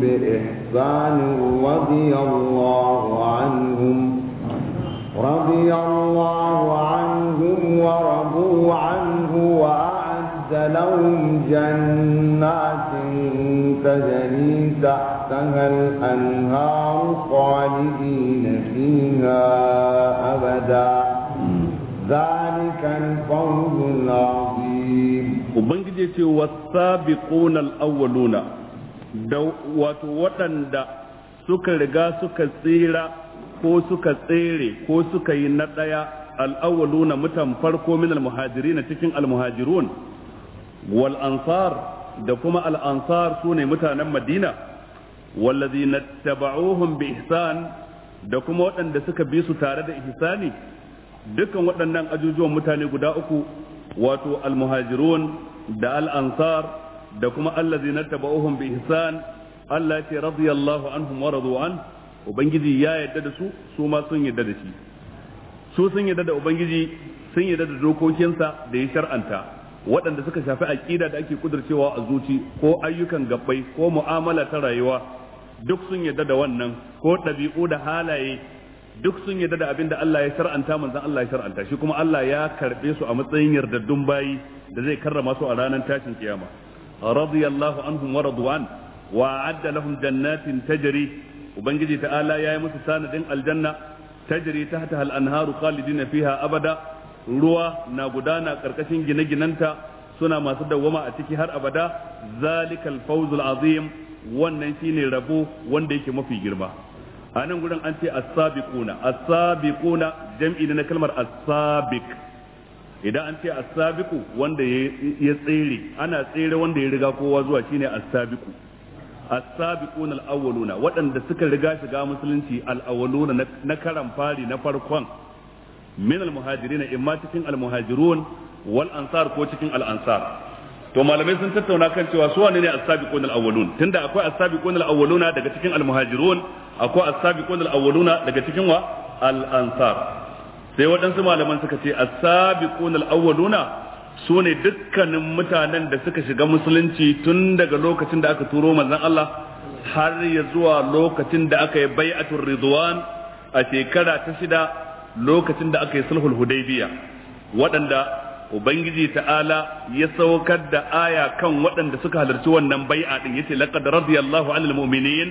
بإحسان رضي الله عنهم رضي الله عنهم ورضوا عنه وأعد لهم جنات تجري تحت تحتها الأنهار خالدين فيها أبدا ذلك الفوز العظيم وبنجي والسابقون الأولون da wato waɗanda suka riga suka tsira ko suka tsere ko suka yi na ɗaya al'awwaluna mutan farko min na cikin almuhajirun wal ansar da kuma al'ansar su sune mutanen madina والذين اتبعوهم بإحسان da kuma waɗanda suka bi su tare da ihsani dukkan waɗannan ajujuwan mutane guda uku wato almuhajirun da al'ansar da kuma allazina taba'uhum bi ihsan Allah ce radiyallahu anhum wa radu ubangiji ya yadda da su su ma sun yadda da shi su sun yadda da ubangiji sun yadda da dokokinsa da ya shar'anta waɗanda suka shafi aƙida da ake kudurcewa a zuci ko ayyukan gaɓai ko mu'amala ta rayuwa duk sun yarda da wannan ko ɗabi'u da halaye duk sun yarda da abin da Allah ya shar'anta manzon Allah ya shar'anta shi kuma Allah ya karbe su a matsayin yardaddun bayi da zai karrama su a ranar tashin kiyama radiyallahu anhum wa radwan wa adda lahum jannatin tajri ubangiji ta'ala yi musu sanadin aljanna tajri tahta al-anharu khalidina fiha abada ruwa na gudana karkashin gine-ginanta suna masu dawwama a ciki har abada zalikal fawzul azim wannan shine rabo wanda yake mafi girma a nan gudun an ce as-sabiquna jam'i na kalmar as idan an ce as wanda ya tsere ana tsere wanda ya riga kowa zuwa shine ne sabiqu as waɗanda suka riga shiga musulunci al'awaluna na karan fari na farkon min al na imma cikin al wal'ansar wal ko cikin al'ansar. to malamai sun tattauna kan cewa su wane ne as-sabiqun al-awwalun tunda akwai as-sabiqun al-awwaluna daga cikin al-muhajirun akwai as-sabiqun al-awwaluna daga cikin wa al-ansar sai waɗansu malaman suka ce as-sabiqun al-awwaluna su ne dukkanin mutanen da suka shiga musulunci tun daga lokacin da aka turo manzon Allah har ya zuwa lokacin da aka yi bai'atul ridwan a shekara ta shida lokacin da aka yi sulhul hudaybiya waɗanda ubangiji ta'ala ya saukar da aya kan waɗanda suka halarci wannan bai'a din yace laqad radiyallahu 'anil mu'minin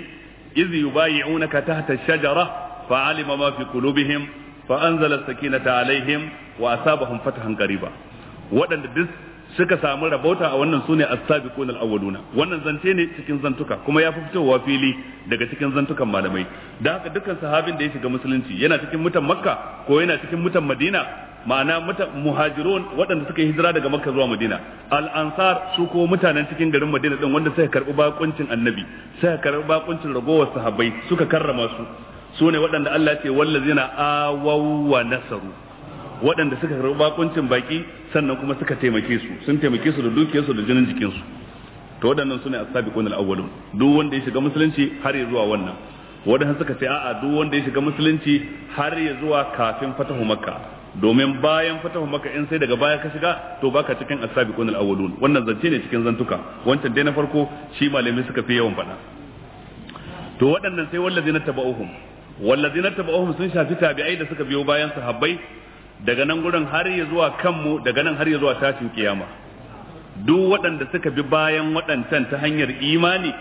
iz yubayyi'unaka tahta ash-shajara fa'alima ma fi qulubihim fa'anzala as-sakinata 'alayhim wa asabahum fathan qariba waɗanda duk suka samu rabauta a wannan sune as-sabiqun al-awwaluna wannan zance ne cikin zantuka kuma ya fi fitowa fili daga cikin zantukan malamai da haka dukkan sahabin da ya shiga musulunci yana cikin mutan makka ko yana cikin mutan madina ma'ana muhajirun waɗanda suka hijira daga makka zuwa madina al ansar su ko mutanen cikin garin madina din wanda suka karɓi bakuncin annabi suka karɓi bakuncin ragowar sahabbai suka karrama su su ne waɗanda Allah ya ce wallazina awaw wa nasaru waɗanda suka karɓi bakuncin baki sannan kuma suka taimake su sun taimake su da dukiyarsu da jinin jikinsu to waɗannan su ne as-sabiqun al-awwalun duk wanda ya shiga musulunci har ya zuwa wannan wadanda suka ce a'a duk wanda ya shiga musulunci har ya zuwa kafin fatahu makka domin bayan fatahu maka in sai daga baya ka shiga to baka cikin asabiqun sabiqun wannan zance ne cikin zantuka wancan dai na farko shi malami suka fi yawan faɗa to waɗannan sai wallazina taba'uhum wallazina taba'uhum sun shafi tabi'ai da suka biyo bayan sahabbai daga nan gurin har ya zuwa kanmu daga nan har ya zuwa tashin kiyama duk waɗanda suka bi bayan waɗancan ta hanyar imani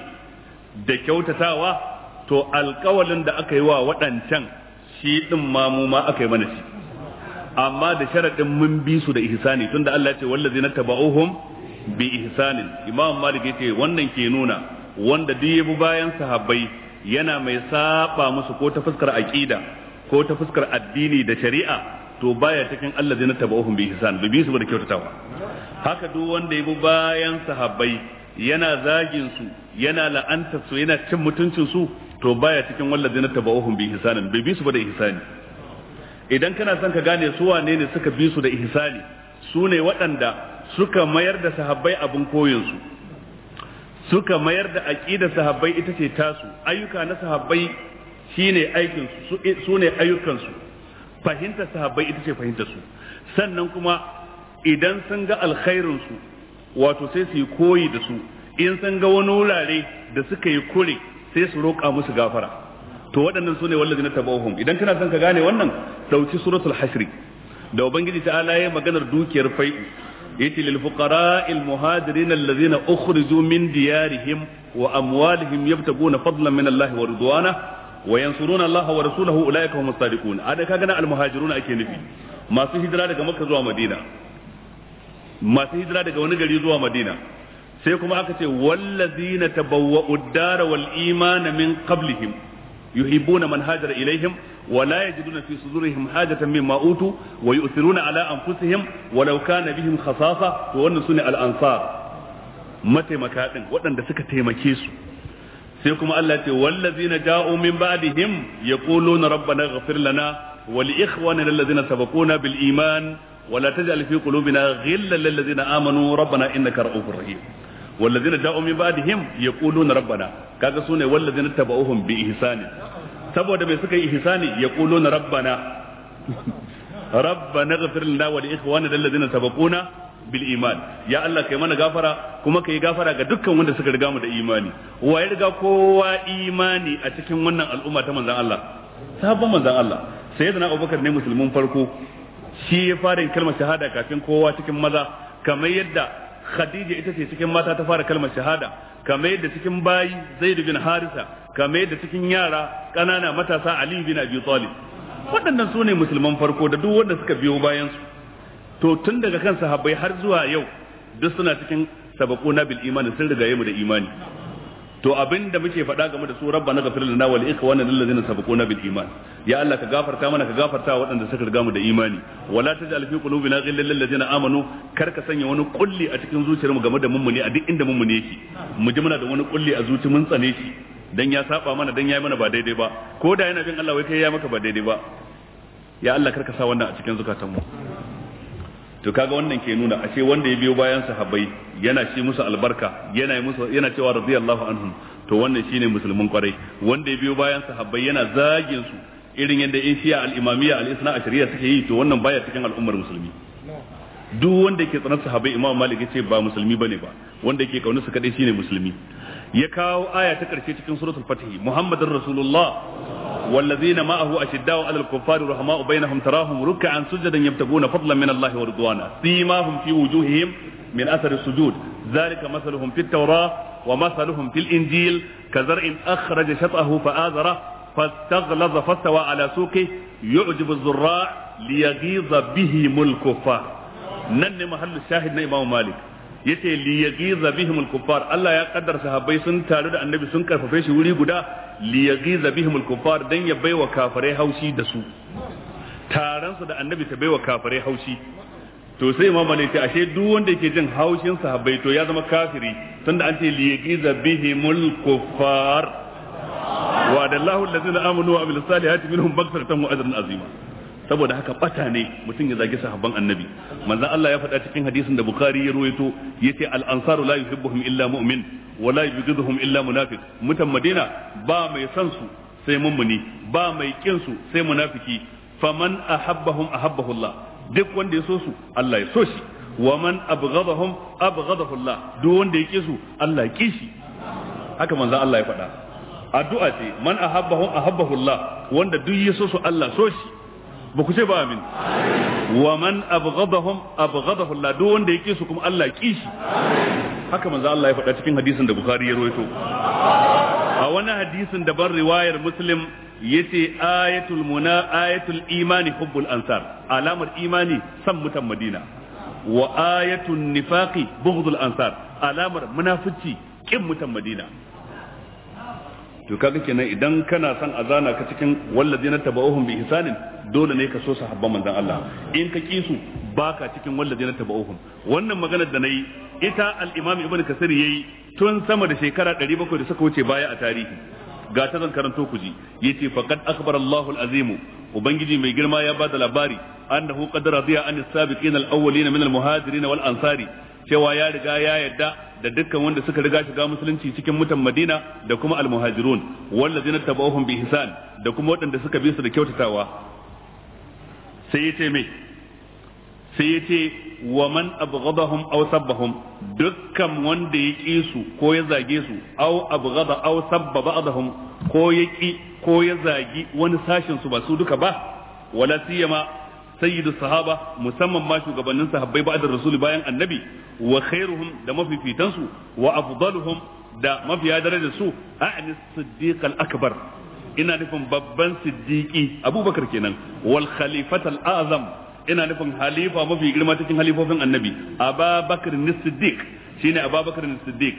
da kyautatawa to alkawalin da aka yi wa waɗancan shi ɗin ma mu ma aka yi mana shi amma da sharaɗin mun bi su da ihsani tunda Allah ya ce wallazina tabauhum bi ihsanin imam malik yace wannan ke nuna wanda duk yabi bayan sahabbai yana mai saba musu ko ta fuskar aqida ko ta fuskar addini da shari'a to baya cikin allazina tabauhum bi ihsan bi su da kyautatawa haka duk wanda yabi bayan sahabbai yana zagin su yana la'anta su yana cin mutuncin su to baya cikin wallazina tabauhum bi ihsanin bi su da ihsani idan kana son ka gane su wane ne suka bi su da ihsani su ne waɗanda suka mayar da sahabbai abin koyinsu suka mayar da aƙidar sahabbai ita ce tasu ayyuka na sahabbai shine aikin su su ne ayyukansu fahimtar sahabbai ita ce fahimtar su sannan kuma idan sun ga alkhairin su wato sai su yi koyi da su in sun ga wani wurare da suka yi kure sai su roƙa musu gafara to waɗannan sune wallazina tabawhum idan kana son ka gane wannan dauki suratul hasri da ubangiji ta ala ya maganar dukiyar fai'u yace lil fuqara al muhajirin allazina ukhriju min diyarihim wa amwalihim yabtaguna fadlan min Allah wa ridwana wa yansuruna Allah wa rasulahu ulaika humus sadiqun ada kaga na al muhajirun ake nufi masu hijira daga makka zuwa madina masu hijira daga wani gari zuwa madina sai kuma aka ce wallazina tabawwa'u ad-dara wal imana min qablihim yuhibbuna man hajara ilaihim wa la yajiduna fi sudurihim hajatan mimma ma'utu wa yu'thiruna ala anfusihim walau kana bihim khasasa to wannan sune al-ansar mataimaka ɗin waɗanda suka taimake su sai kuma Allah ce wallazina ja'u min ba'dihim yaquluna rabbana ighfir lana wa li ikhwanina allazina sabaquna bil iman ولا تجعل في قلوبنا غلا na آمنوا ربنا إنك رؤوف رحيم wallazina da'u min ba'dihim yaquluna rabbana kaga sune wallazina tabauhum bi ihsani saboda bai suka yi ihsani yaquluna rabbana rabbana ighfir lana wa li ikhwanina allazina sabaquna bil iman ya Allah kai mana gafara kuma kai gafara ga dukkan wanda suka riga mu da imani wa ya riga kowa imani a cikin wannan al'umma ta manzan Allah sabon manzan Allah sayyidina Abubakar ne musulmin farko shi ya fara yin kalmar shahada kafin kowa cikin maza kamar yadda khadija ita ce cikin mata ta fara kalmar shahada kamar yadda cikin bayi zaid bin harisa kamar yadda cikin yara kanana matasa ali bin abi talib waɗannan su ne musulman farko da duk wanda suka biyo bayan su to tun daga kan sahabbai har zuwa yau duk suna cikin sabaquna bil imani sun rigaye mu da imani to abinda muke faɗa game da su rabbana ghafir lana wa li ikhwana allazina sabaquna bil iman ya Allah ka gafarta mana ka gafarta wa waɗanda suka riga mu da imani wala taj'al fi qulubina ghillan lil ladzina amanu kar ka sanya wani kulli a cikin zuciyarmu game da mummuni a duk inda mummuni yake mu ji muna da wani kulli a zuci mun tsane shi dan ya saba mana dan yayi mana ba daidai ba ko da yana bin Allah wai kai ya maka ba daidai ba ya Allah kar ka sa wannan a cikin zukatanmu to kaga wannan ke nuna ashe wanda ya biyo bayan sahabbai yana shi musu albarka yana musu yana cewa radiyallahu anhum to wannan shine musulmin kwarai wanda ya biyo bayan sahabbai yana zagin su irin yadda in shiya al-imamiyya al-isna ashariya suke yi to wannan baya cikin al'ummar musulmi duk wanda yake tsanar sahabbai imam malik ce ba musulmi bane ba wanda yake kaunar su kadai shine musulmi ya kawo aya ta karshe cikin suratul fatih muhammadur rasulullah والذين معه أشداء على الكفار رحماء بينهم تراهم ركعا سجدا يبتغون فضلا من الله ورضوانا سيماهم في وجوههم من أثر السجود ذلك مثلهم في التوراة ومثلهم في الإنجيل كزرع أخرج شطأه فآذره فاستغلظ فاستوى على سوقه يعجب الزراع ليغيظ بهم الكفار نن محل الشاهد إمام مالك yace li yaghiza bihim al-kuffar Allah ya kaddar sahabbai sun taru da annabi sun karfafe shi wuri guda li yaghiza bihim al-kuffar dan ya baiwa kafare haushi da su taron su da annabi ta baiwa kafare haushi to sai imam malik ashe duk wanda yake jin haushin sahabbai to ya zama kafiri tunda an ce li yaghiza bihim al-kuffar wa dallahu allazina amanu wa amilus salihati minhum maghfiratan wa ajran azima saboda haka bata ne mutum ya zagi sahabban annabi manzon Allah ya faɗa cikin hadisin da bukhari ya ruwaito yace al ansaru la yuhibbuhum illa mu'min wa la yubghiduhum illa munafiq mutan madina ba mai san su sai mummuni ba mai kin su sai munafiki faman ahabbahum ahabbahu Allah duk wanda ya so su Allah ya so shi wa man abghadahum abghadahu Allah duk wanda ya ki su Allah ya ki shi haka manzon Allah ya faɗa addu'a ce man ahabbahum ahabbahu Allah wanda duk ya so su Allah so shi ba ku ce ba amin wa man abghadahum abghadahu Allah duk wanda yake su kuma Allah ki shi haka manzo Allah ya faɗa cikin hadisin da Bukhari ya rawaito a wani hadisin da ban riwayar Muslim yace ayatul muna ayatul imani hubbul ansar alamar imani san mutan Madina wa ayatul nifaqi bughdul ansar alamar munafici kin mutan Madina to kaga kenan idan kana son a zana ka cikin na tabauhum bi ihsanin dole ne ka so sahabban manzon Allah in ka ki su baka cikin na tabauhum wannan maganar da nayi ita al-Imam Ibn Kasir yayi tun sama da shekara 700 da suka wuce baya a tarihi ga ta zan karanto ku ji yace faqad akhbara Allahu al-azim ubangiji mai girma ya bada labari annahu qad radiya an as-sabiqin al-awwalin min al-muhajirin wal ansari cewa ya riga ya yadda da dukkan wanda suka riga shiga musulunci cikin mutan Madina da kuma almuhajirun wallazina tabawhum bi ihsan da kuma waɗanda suka bi su da kyautatawa sai yace me sai yace wa man abghadahum aw sabbahum dukkan wanda ya ki su ko ya zage su aw abghada aw sabba ba'dahum ko ya ki ko ya zagi wani sashin su ba su duka ba wala siyama sayyidu sahaba musamman ma shugabannin sahabbai ba'da rasuli bayan annabi wa khairuhum da mafifitan su wa afdaluhum da mafiya darajar su a'ni siddiq al-akbar ina nufin babban siddiqi abubakar kenan wal khalifat azam ina nufin halifa mafi girma cikin halifofin annabi ababakar as-siddiq shine ababakar as-siddiq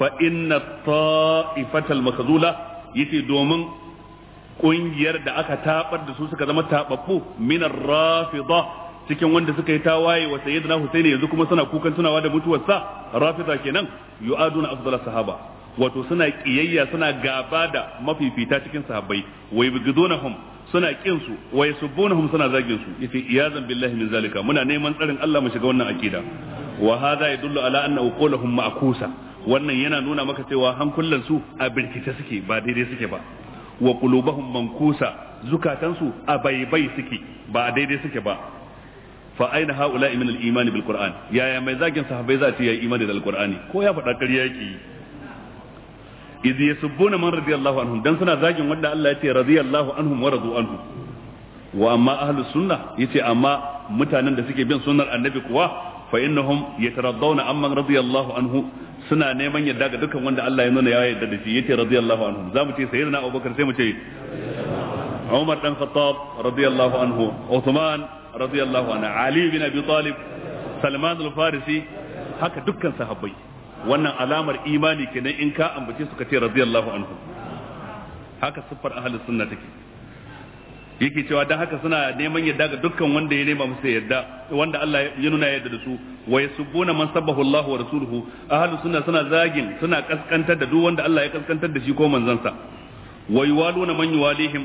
fa inna at-ta'ifata al-makhzula yace domin kungiyar da aka tabar da su suka zama tababbu minar rafida cikin wanda suka yi tawaye wa sayyidina husaini yanzu kuma suna kukan tunawa da sa rafida kenan yu'aduna afdalus sahaba wato suna kiyayya suna gaba da mafifita cikin sahabbai wa yubghidunahum suna kin su wa yasubbunahum suna zagin su yace iyazan billahi min zalika muna neman tsarin Allah mu shiga wannan akida wa hadha yadullu ala anna uqulahum ma'kusa wannan yana nuna maka cewa hankulan su a birkice suke ba daidai suke ba wa qulubuhum mankusa zukatansu a baibai suke ba a daidai suke ba fa aina haula min al-iman bil qur'an yaya mai zagin sahabbai za ta yi imani da al-qur'ani ko ya faɗa ƙarya yake idh yasubbuna man radiyallahu anhum dan suna zagin wanda Allah ya ce radiyallahu anhum wa radu anhu wa amma ahlus sunnah yace amma mutanen da suke bin sunnar annabi kuwa fa innahum yataraddawna amman radiyallahu anhu suna neman yadda ga dukkan wanda Allah ya nuna ya yadda da shi yace radiyallahu anhu zamu ce a Abubakar sai mu ce Umar dan Khattab radiyallahu anhu Uthman radiyallahu anhu Ali bin Abi Talib Salman al-Farisi haka dukkan sahabbai wannan alamar imani kenan in ka ambace su ka ce radiyallahu anhu haka siffar ahlus sunna take yake cewa dan haka suna neman yadda ga dukkan wanda ya nema musu yadda wanda Allah ya nuna yadda da su wa yasubbuna man sabbahu Allahu wa rasuluhu ahlu sunna suna zagin suna kaskantar da duk wanda Allah ya kaskantar da shi ko manzansa wa yuwaluna man yuwalihim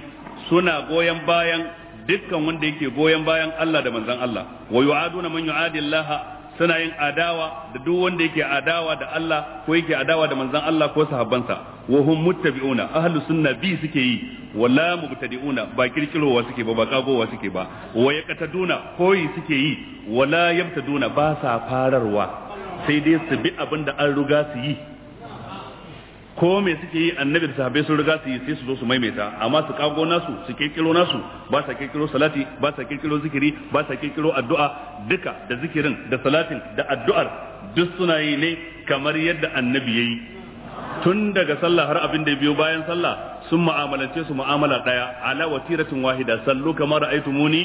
suna goyen bayan dukkan wanda yake goyen bayan Allah da manzon Allah wa yu'aduna man yu'adi Allah suna yin adawa da duk wanda yake adawa da Allah ko yake adawa da manzon Allah ko sahabbansa wa hum muttabi'una ahlu sunna bi suke yi wala mubtadi'una ba kirkirowa suke ba ba kagowa suke ba wa yaqtaduna koyi suke yi wala yabtaduna ba sa fararwa sai dai su bi abin da an ruga su yi ko me suke yi annabi da sahabbai sun riga su yi sai su zo su maimaita amma su kago nasu su kirkiro nasu ba sa kirkiro salati ba sa kirkiro zikiri ba sa kirkiro addu'a duka da zikirin da salatin da addu'ar duk suna yi ne kamar yadda annabi yayi tun daga sallah har abin da biyo bayan sallah sun mu'amalance su mu'amala daya ala watiratin wahida sallu kama ra'aytumuni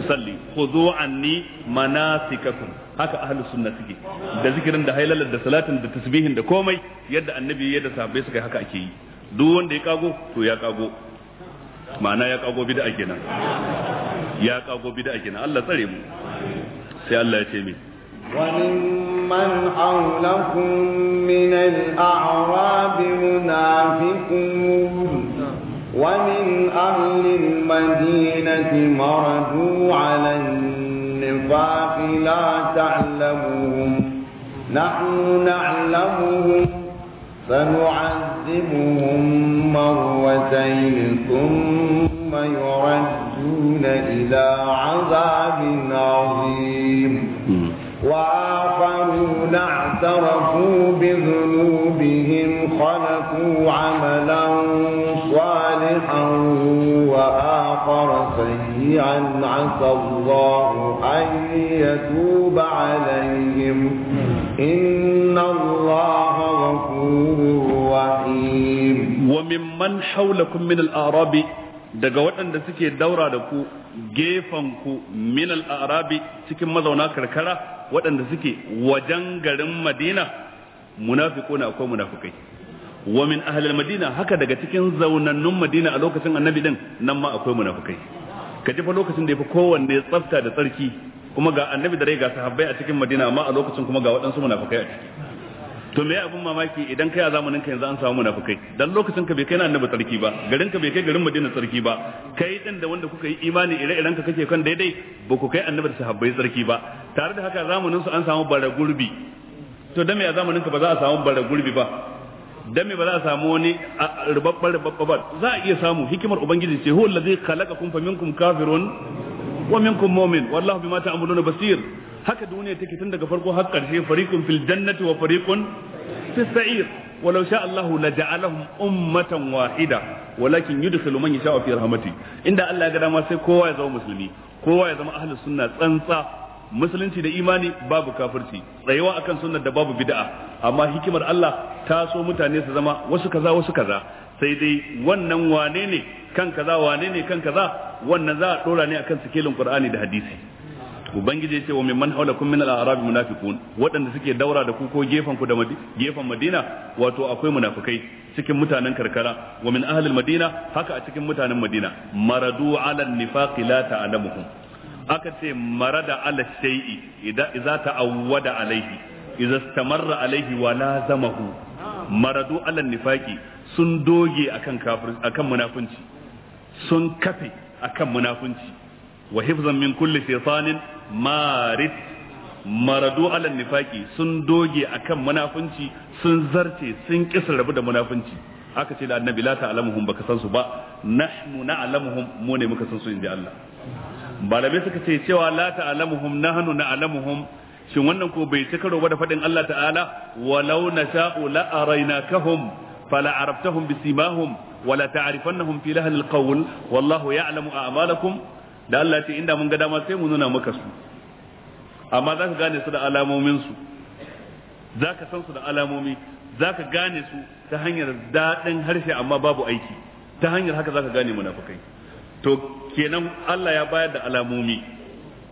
usalli khudhu anni manasikakum haka ahlus sunna suke da zikirin da hailalar da salatin da tasbihin da komai yadda annabi ya da sahabbai suka haka ake yi duk wanda ya kago to ya kago ma'ana ya kago bid'a kenan ya kago bid'a kenan Allah tsare mu sai Allah ya ce min وممن حولكم من الأعراب منافقون ومن أهل المدينة مردوا على النفاق لا تعلمهم نحن نعلمهم فنعذبهم مرتين ثم يردون إلى عذاب عظيم وآخرون اعترفوا بذنوبهم خلقوا عملا مُخْزِيًا عَسَى اللَّهُ أَن يَتُوبَ عَلَيْهِمْ إِنَّ اللَّهَ غَفُورٌ رَّحِيمٌ وَمِمَّنْ حَوْلَكُم مِّنَ الْأَعْرَابِ daga waɗanda suke daura da ku ku min al'arabi cikin mazauna karkara waɗanda suke wajen garin madina munafiquna akwai munafikai wa min ahlil madina haka daga cikin zaunannun madina a lokacin annabi din nan ma akwai munafikai ka ji fa lokacin da ya fi kowanne tsafta da tsarki kuma ga annabi da rai ga sahabbai a cikin madina amma a lokacin kuma ga waɗansu munafukai a ciki to me abin mamaki idan kai a zamanin ka yanzu an samu munafukai dan lokacin ka bai kai na annabi tsarki ba garin ka bai kai garin madina tsarki ba kai din da wanda kuka yi imani ire-iren ka kake kan daidai ba ku kai annabi da sahabbai tsarki ba tare da haka zamanin su an samu baragurbi to dan me a zamanin ka ba za a samu baragurbi ba dan me ba za a samu wani rubabban ba za a iya samu hikimar ubangiji ce huwa allazi khalaqakum faminkum kafirun wa minkum mu'min wallahu bima ta'maluna basir haka duniya take tun daga farko har karshe fariqun fil jannati wa fariqun fis sa'ir ولو شاء الله لجعلهم أمة واحدة ولكن يدخل من يشاء في رحمته إن الله قد ما سي كوا يزو مسلمي كوا يزو أهل السنة تنصى musulunci da imani babu kafirci tsayuwa akan sunnar da babu bid'a amma hikimar Allah ta so mutane su zama wasu kaza wasu kaza sai dai wannan wane ne kan kaza wane ne kan kaza wannan za a dora ne akan sikelin Qur'ani da hadisi ubangiji ya ce wa mimman haulakum min al-arabi munafiqun wadanda suke daura da ku ko gefen ku da gefen Madina wato akwai munafikai cikin mutanen karkara wa min ahli al-Madina haka a cikin mutanen Madina maradu ala an-nifaqi la ta'lamuhum aka ce marada ala shay'i idza da alaihi iza istamarra alaihi wa lazamahu maradu ala nifaqi sun doge akan kafir akan munafunci sun kafe akan munafunci wa hifzan min kulli shaytanin marid maradu ala nifaqi sun doge akan munafunci sun zarce sun kisa rabu da munafunci aka ce da annabi la ta'lamuhum baka san su ba nahnu na'lamuhum mu ne muka san su inda Allah malamai suka ce cewa la ta'lamuhum nahnu na'lamuhum shin wannan ko bai ci karo ba da fadin Allah ta'ala walau nasha'u la arainakahum fala araftahum bisimahum wala ta'rifannahum fi lahnil qawl wallahu ya'lamu a'malakum da Allah ce inda mun ga dama sai mu nuna maka su amma zaka gane su da alamomin su zaka san su da alamomi zaka gane su ta hanyar dadin harshe amma babu aiki ta hanyar haka zaka gane munafikai to kenan Allah ya bayar da alamomi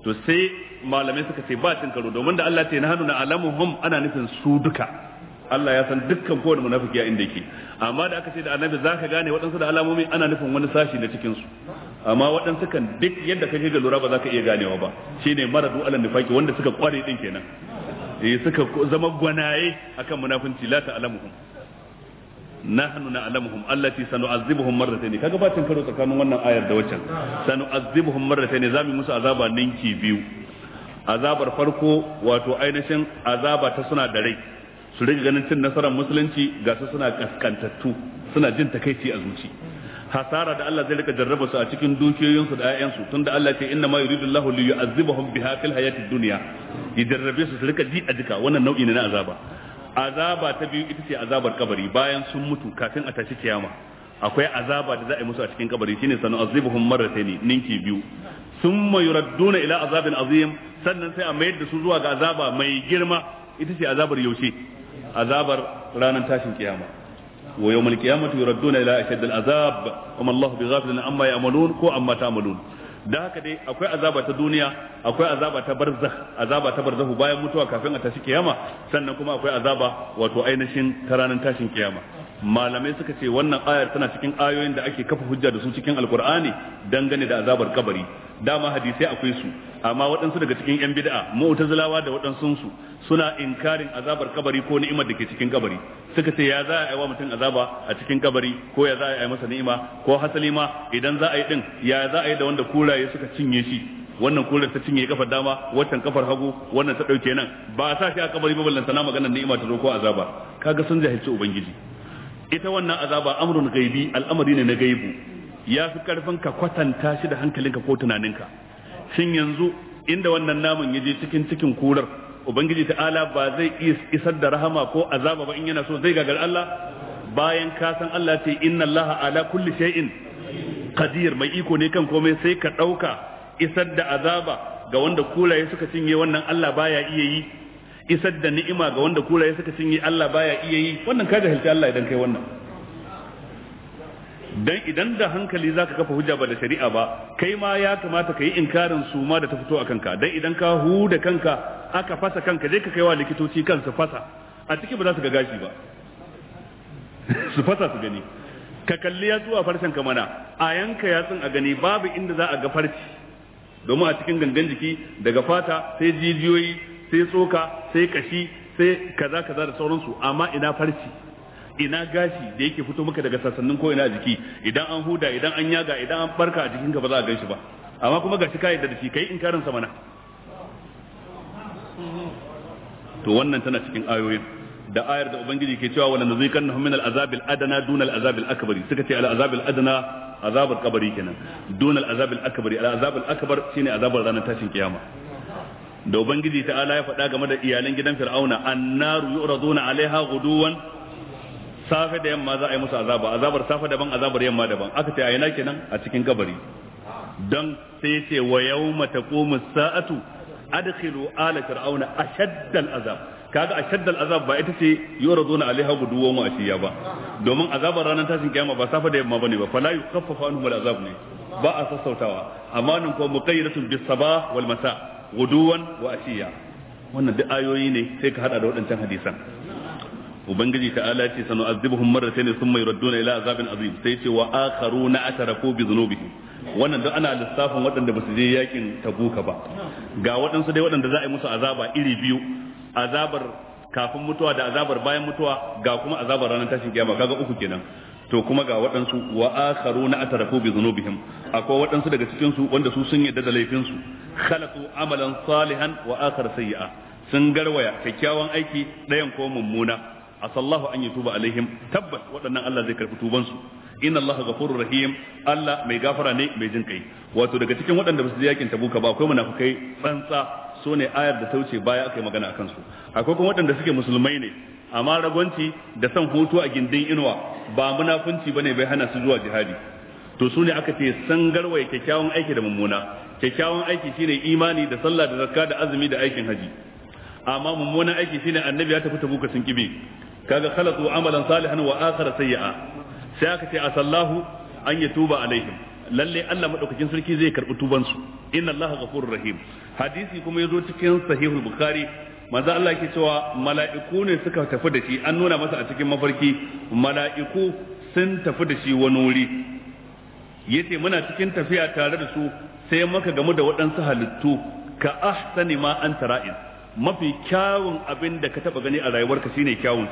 to sai malamai suka ce ba cin karo domin da Allah ce na hannu na alamuhum ana nufin su duka Allah ya san dukkan kowane munafiki ya inda yake amma da aka ce da annabi zaka gane waɗansu da alamomi ana nufin wani sashi na cikin su amma waɗansu kan duk yadda ka da lura ba za ka iya ganewa ba shine maradu alal nifaki wanda suka kware din kenan eh suka zama gwanaye akan munafunci la ta alamuhum nahnu na'lamuhum allati sanu'azzibuhum marratayn kaga bacin karo tsakanin wannan ayar da waccan sanu'azzibuhum marratayn zamu musu azaba ninki biyu azabar farko wato ainihin azaba ta suna da rai su rage ganin cin nasarar musulunci ga su suna kaskantattu suna jin takaici a zuci hasara da Allah zai rika jarraba su a cikin dukiyoyinsu da 'ya'yansu tunda Allah ce inna ma yuridu Allahu li yu'azzibahum biha fil hayatid dunya ya jarrabe su rika ji a jika wannan nau'i ne na azaba azaba ta biyu ita ce azabar kabari bayan sun mutu kafin a tashi kiyama akwai azaba da za a yi musu a cikin kabari shine sanu azibuhum marratayn ninki biyu summa yuradduna ila azabin azim sannan sai a mayar da su zuwa ga azaba mai girma ita ce azabar yaushe azabar ranar tashin kiyama wa yawmal qiyamati yuradduna ila ashaddil azab wa ma Allahu bighafilin amma ya'malun ko amma ta'malun Da haka dai akwai azaba ta duniya akwai azaba ta barzakh azaba ta barzakh bayan mutuwa kafin a tashi kiyama sannan kuma akwai azaba wato ainihin ta ranar tashin kiyama malamai suka ce wannan ayar tana cikin ayoyin da ake kafa hujja da su cikin alkur'ani dangane da azabar kabari dama hadisai akwai su amma waɗansu daga cikin yan bid'a mu'tazilawa da waɗansu su suna inkarin azabar kabari ko ni'imar da ke cikin kabari suka ce ya za a yi wa mutum azaba a cikin kabari ko ya za a yi masa ni'ima ko hasali ma idan za a yi din ya za a yi da wanda kuraye suka cinye shi wannan kurar ta cinye kafar dama wancan kafar hagu wannan ta ɗauke nan ba a sa shi a kabari ba na maganar ni'ima ta zo ko azaba kaga sun jahilci ubangiji ita wannan azaba amrun gaibi al'amari ne na gaibu ya fi karfin ka kwatanta shi da hankalinka ko tunaninka shin yanzu inda wannan naman ya je cikin cikin kurar ubangiji ta'ala ba zai isar da rahama ko azaba ba in yana so zai gagar Allah bayan ka san Allah ce inna Allah ala kulli shay'in qadir mai iko ne kan komai sai ka dauka isar da azaba ga wanda kulaye suka cinye wannan Allah baya iya yi isar da ni'ima ga wanda saka sun cinye Allah baya iya yi wannan ka jahilci Allah idan kai wannan dan idan da hankali zaka kafa hujja ba da shari'a ba kai ma ya kamata ka yi inkarin suma da ta fito a kanka dan idan ka huda kanka aka fasa kanka je ka kaiwa likitoci kansu fasa a ciki ba za su ga gashi ba (laughs) su fasa su gani ka kalli ya zuwa farcen ka mana a yanka yatsun a gani babu inda za a ga farci domin a cikin gangan jiki daga fata sai jijiyoyi sai tsoka sai kashi sai kaza kaza da sauransu amma ina farci ina gashi da yake fito maka daga sassanin ko ina jiki idan an huda idan an yaga idan an barka a jikinka ba za a ganshi ba amma kuma gashi ka yadda da shi kai inkarin sa mana to wannan tana cikin ayoyin da ayar da ubangiji ke cewa wala na min al-azab al-adna dun al-azab al-akbar suka ce al-azab al-adna azab al-qabri kenan dun al-azab al-akbar al-azab al-akbar shine azabar ranar tashin kiyama da ubangiji Ala ya faɗa game da iyalan gidan fir'auna annaru yu'raduna alaiha ghuduwan safe da yamma za a yi musu azaba azabar safe daban azabar yamma daban aka ce ayina kenan a cikin kabari dan sai ya ce wa yawma taqumu sa'atu adkhilu ala fir'auna ashaddal azab kaga ashaddal azab ba ita ce yuraduna alaiha guduwan wa ashiya ba domin azabar ranar tashin kiyama ba safe da yamma bane ba fala yukaffafa anhum alazab ne ba a sassautawa amanin ko muqayyidatun bis sabah wal masa' guduwan wa ashiya wannan duk ayoyi ne sai ka hada da waɗancan hadisan ubangiji ta ala ce sanu azibuhum marratayn thumma yuradduna ila azabin azim sai ce wa akharuna atarafu bi dhunubihim wannan duk ana lissafin waɗanda ba su je yakin tabuka ba ga waɗansu dai waɗanda za a yi musu azaba iri biyu azabar kafin mutuwa da azabar bayan mutuwa ga kuma azabar ranar tashin kiyama kaga uku kenan to kuma ga waɗansu wa akharu na atarafu bi zunubihim akwai waɗansu daga cikin su wanda su sun yadda da laifin su khalaqu amalan salihan wa akhar sayyi'a sun garwaya kyakkyawan aiki ɗayan ko mummuna asallahu an yatuba alaihim tabbas waɗannan Allah zai karfi tuban su inna Allah ghafurur rahim Allah mai gafara ne mai jin kai wato daga cikin waɗanda ba su yakin tabuka ba akwai munafikai tsantsa so ne ayar da ta wuce baya aka yi magana akan su akwai kuma waɗanda suke musulmai ne amma ragwanci da san hutu a gindin inuwa ba munafunci bane bai hana su zuwa jihadi to su ne aka ce san garwaye kyakkyawan aiki da mummuna kyakkyawan aiki shine imani da sallah da zakka da azumi da aikin haji amma mummunan aiki shine annabi ya tafi tabuka sun kibe kaga khalatu amalan salihan wa akhar sayyi'a sai aka ce asallahu an yatuba alaihim lalle Allah madaukakin sarki zai karbi tuban su inna Allah ghafurur rahim hadisi kuma yazo cikin sahihul bukhari manzo Allah yake cewa mala'iku ne suka tafi da shi an nuna masa a cikin mafarki mala'iku sun tafi da shi wani wuri yace muna cikin tafiya tare da su sai muka gamu da waɗansu halittu ka ahsani ma an tara'in mafi kyawun abin da ka taba gani a rayuwarka shine kyawun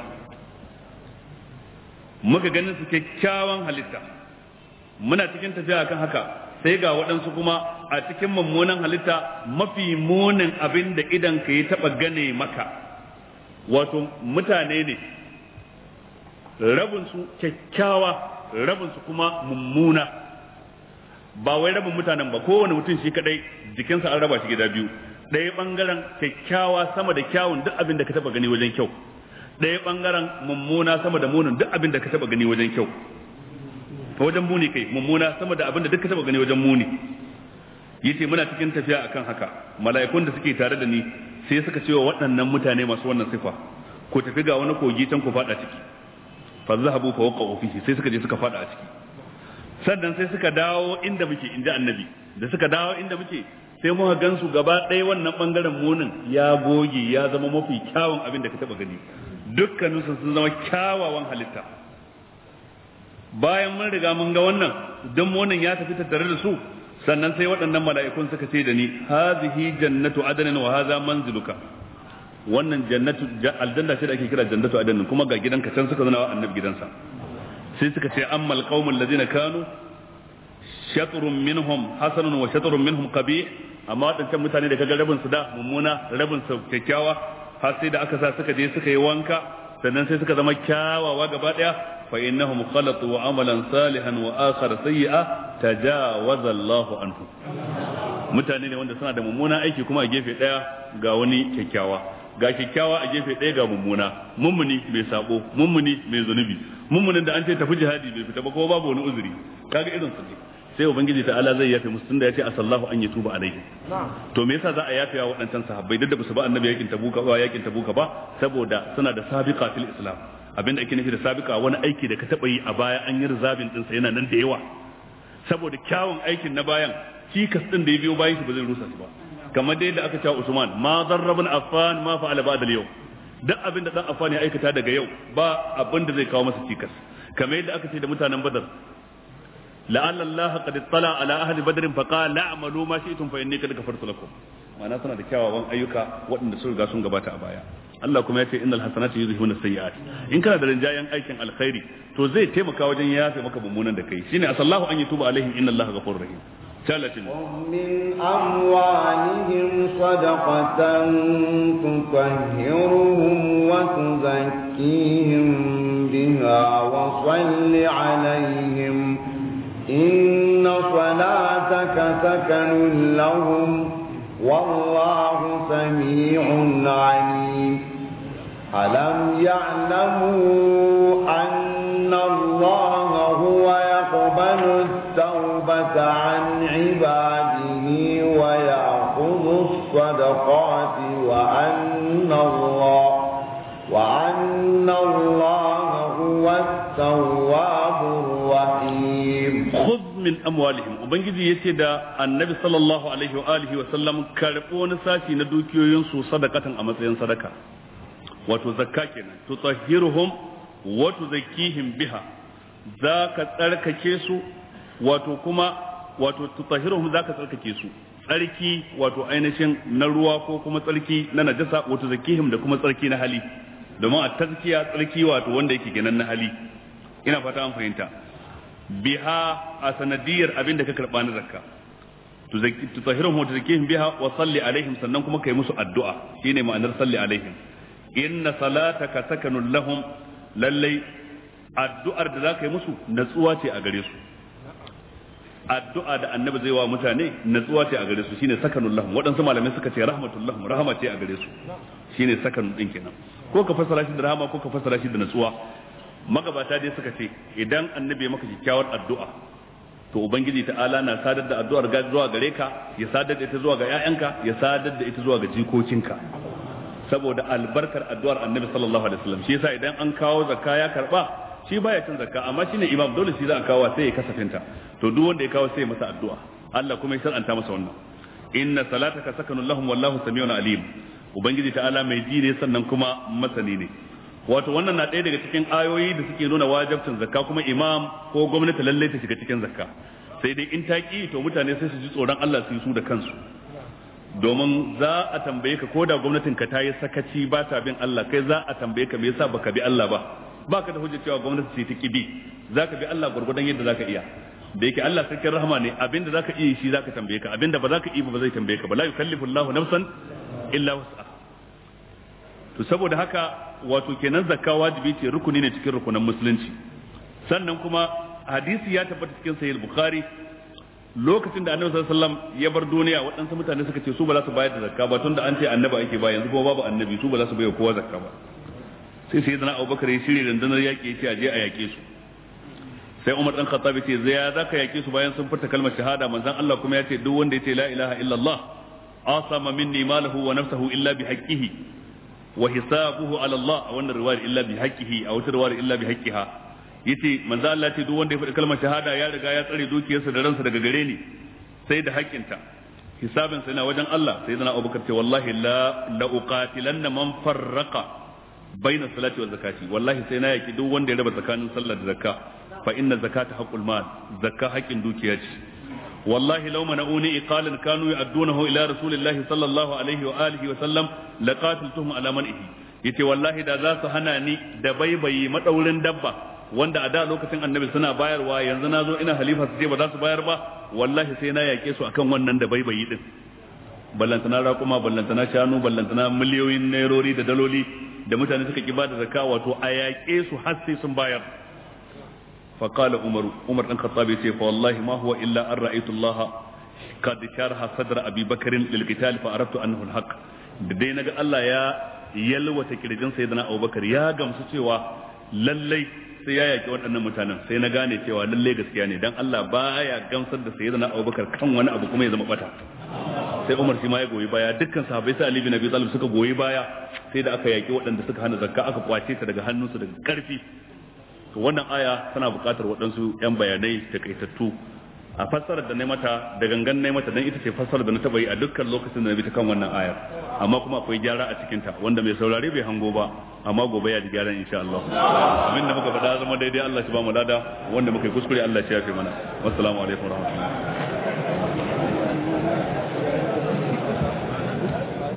muka ganin su kyakkyawan halitta muna cikin tafiya kan haka sai ga waɗansu kuma a cikin mummunan halitta mafi munin abin da idan ka yi taɓa gane maka wato mutane ne rabinsu kyakkyawa rabinsu kuma mummuna ba wai rabin mutanen ba kowane mutum shi kaɗai jikinsa an raba shi gida biyu ɗaya ɓangaren kyakkyawa sama da kyawun duk abin da ka taɓa gani wajen kyau ɗaya ɓangaren mummuna sama da munin duk abin da ka taɓa gani wajen kyau wajen muni kai mummuna sama da abin da duka taba gani wajen muni yace muna cikin tafiya akan haka mala'ikun da suke tare da ni sai suka cewa waɗannan mutane masu wannan sifa ku tafi ga wani kogi can ku fada ciki fa zahabu fa waqa'u fihi sai suka je suka fada a ciki sannan sai suka dawo inda muke inda annabi da suka dawo inda muke sai muka gansu gaba ɗaya wannan bangaren munin ya goge ya zama mafi kyawun abin da ka taba gani dukkaninsu sun zama kyawawan halitta bayan mun riga mun ga wannan dan wannan ya tafi tattare da su sannan sai waɗannan mala'ikun suka ce da ni hazihi jannatu adanin wa haza manziluka wannan jannatu aljanna ce da ake kira jannatu adanin kuma ga gidanka can suka zana wa annabi gidansa sai suka ce ammal qaumul ladina kanu shatrun minhum hasanun wa shatrun minhum qabih amma waɗancan mutane da kaga rabin su da mummuna rabin su kyakkyawa har sai da aka sa suka je suka yi wanka sannan sai suka zama kyawawa gaba daya fa innahum khalatu amalan salihan wa akhar sayyi'a tajawaza Allahu anhu mutane ne wanda suna da mummuna aiki kuma a gefe daya ga wani kyakkyawa ga kyakkyawa a gefe daya ga mummuna mummuni mai sabo mummuni mai zunubi mummunin da an ce tafi jihadi bai fita ba ko babu wani uzuri kaga irin su ne sai ubangiji ala zai yafe musu tunda yace asallahu an yatuba alaihi to me yasa za a yafe wa waɗancan sahabbai duk da su ba annabi yakin tabuka ba yakin tabuka ba saboda suna da sabiqa fil islam abinda ake nufi da sabiqa wani aiki da ka taba yi a baya an yi rizabin din sa yana nan da yawa saboda kyawun aikin na bayan cikas din da ya biyo bayan shi ba zai rusa shi ba kamar dai da aka cewa Usman ma darrabun affan ma fa'ala ba'da yau duk abin da dan affan ya aikata daga yau ba abin da zai kawo masa cikas kamar yadda aka ce da mutanen Badar لعل الله قد اطلع على أهل بدر فقال لا أعملوا ما شئتم فإني قد كفرت لكم ما ناسنا دكاوا وان أيوكا وإن سر قاسون قبات أبايا الله كم يأتي إن الحسنات يذهبون السيئات إن كان درجة ين أي الخير توزي تيم كواجن يا في مكب مونا دكاي سين أصل الله أن يتوب عليهم إن الله غفور رحيم تالتين أموالهم صدقة تطهرهم وتزكيهم بها وصل عليهم إن صلاتك سكن لهم والله سميع عليم ألم يعلموا أن الله هو يقبل التوبة عن عباده ويأخذ الصدقات وأن الله وأن الله هو التواب الرحيم khudh min amwalihim ubangiji yace da annabi sallallahu alaihi wa alihi wa sallam karbo wani sashi na dukiyoyin su sadakatan a matsayin sadaka wato zakka kenan tutahhiruhum wa tuzakkihim biha zaka tsarkake su wato kuma wato tutahhiruhum zaka tsarkake su tsarki wato ainihin na ruwa ko kuma tsarki na najasa wa tuzakkihim da kuma tsarki na hali domin a tazkiya tsarki wato wanda yake ginan na hali ina fata an fahimta biha a sanadiyar abin da ka karba na zakka tuzahhiruhum wa tuzakkihim biha wa salli alaihim sannan kuma kai musu addu'a shine ma'anar salli alaihim inna salataka sakanun lahum lallai addu'ar da zaka yi musu natsuwa ce a gare su addu'a da annabi zai wa mutane natsuwa ce a gare su shine sakanun lahum waɗansu malamai suka ce rahmatul lahum rahama ce a gare su shine sakanun din kenan ko ka fassara shi da rahama ko ka fassara shi da natsuwa magabata dai suka ce idan annabi ya maka kyakkyawar addu'a to ubangiji ta'ala na sadar da addu'ar ga zuwa gare ka ya sadar da ita zuwa ga ƴaƴanka ya sadar da ita zuwa ga jikokinka saboda albarkar addu'ar annabi sallallahu alaihi wasallam shi yasa idan an kawo zakka ya karba shi baya cin zakka amma shine imam dole shi za a kawo sai ya kasafinta to duk wanda ya kawo sai ya masa addu'a Allah kuma ya shar'anta masa wannan inna salataka sakanu lahum wallahu samiun alim ubangiji ta'ala mai ji ne sannan kuma masani ne wato wannan na ɗaya daga cikin ayoyi da suke nuna wajabcin zakka kuma imam ko gwamnati lallai ta shiga cikin zakka sai dai in ta ƙi to mutane sai su ji tsoron Allah su yi su da kansu domin za a tambaye ka koda gwamnatin ka ta yi sakaci ba ta bin Allah kai za a tambaye ka me yasa baka bi Allah ba ba ka da hujja cewa gwamnati ce ta ƙi bi za ka bi Allah gurgudan yadda za ka iya da yake Allah sarkin rahama ne abinda za ka iya shi za ka tambaye ka abinda ba za ka iya ba zai tambaye ka ba la yukallifu Allahu nafsan illa wus'a to saboda haka wato kenan zakka wajibi ce rukuni ne cikin rukunan musulunci sannan kuma hadisi ya tabbata cikin sahih bukhari lokacin da annabi sallallahu alaihi wasallam ya bar duniya waɗansu mutane suka ce su ba za su bayar da zakka ba tunda an ce annabi ake ba yanzu kuma babu annabi su ba za su bayar kowa zakka ba sai sai zana abubakar ya shirya rundunar yaƙi ya ce aje a yaƙe su sai umar dan khattab ce zai za ka yaƙe su bayan sun furta kalmar shahada manzon Allah kuma ya ce duk wanda ya ce la ilaha illallah asama minni malahu wa nafsahu illa bi haqqihi wa hisabuhu ala a wannan riwayar illa bi haqqihi a illa bi yace manzo Allah ce duk wanda ya faɗi kalmar shahada ya riga ya tsare dukiyarsa da ransa daga gare ni sai da haƙƙinta hisabin sai na wajen Allah sai zana Abubakar ce wallahi la la uqatilanna man farraqa baina salati wa zakati wallahi sai na yaki duk wanda ya raba tsakanin sallah da zakka fa inna zakata haqqul mal zakka haƙƙin dukiya ce wallahi law mana'uni iqalan kanu yaddunahu ila rasulillahi sallallahu alaihi wa alihi wa sallam laqatiltuhum ala man'ihi yace wallahi da za su hana ni da baibayi madaurin dabba wanda a da lokacin annabi suna bayarwa yanzu na zo ina halifa su ce ba za su bayar ba wallahi sai na yake su akan wannan da baibayi din ballantana raƙuma ballantana shanu ballantana miliyoyin nairori da daloli da mutane suka ki da zakka wato a yaƙe su har sai sun bayar فقال عمر عمر بن الخطاب يقول والله ما هو الا ان رايت الله قد شرح صدر ابي بكر للقتال فاردت انه الحق dai naga Allah ya yalwata kirjin sayyidina Abubakar ya gamsu cewa lallai sai ya yaki waɗannan mutanen sai na gane cewa lallai gaskiya ne dan Allah baya gamsar da sayyidina Abubakar kan wani abu kuma ya zama bata sai Umar shi ma ya goyi baya dukkan sahabbai sai Ali bin Abi Talib suka goyi baya sai da aka yaki waɗanda suka hana zakka aka kwace ta daga hannunsu daga karfi to wannan aya tana buƙatar waɗansu 'yan bayanai takaitattu a fassarar da na mata da gangan nai mata dan ita ce fassara da na taba yi a dukkan lokacin da na bi ta kan wannan aya amma kuma akwai gyara a cikin ta wanda mai saurare bai hango ba amma gobe ya ji gyara insha Allah abinda muka faɗa zama daidai Allah shi ba mu lada wanda muka yi kuskure Allah shi ya fi mana assalamu alaikum warahmatullahi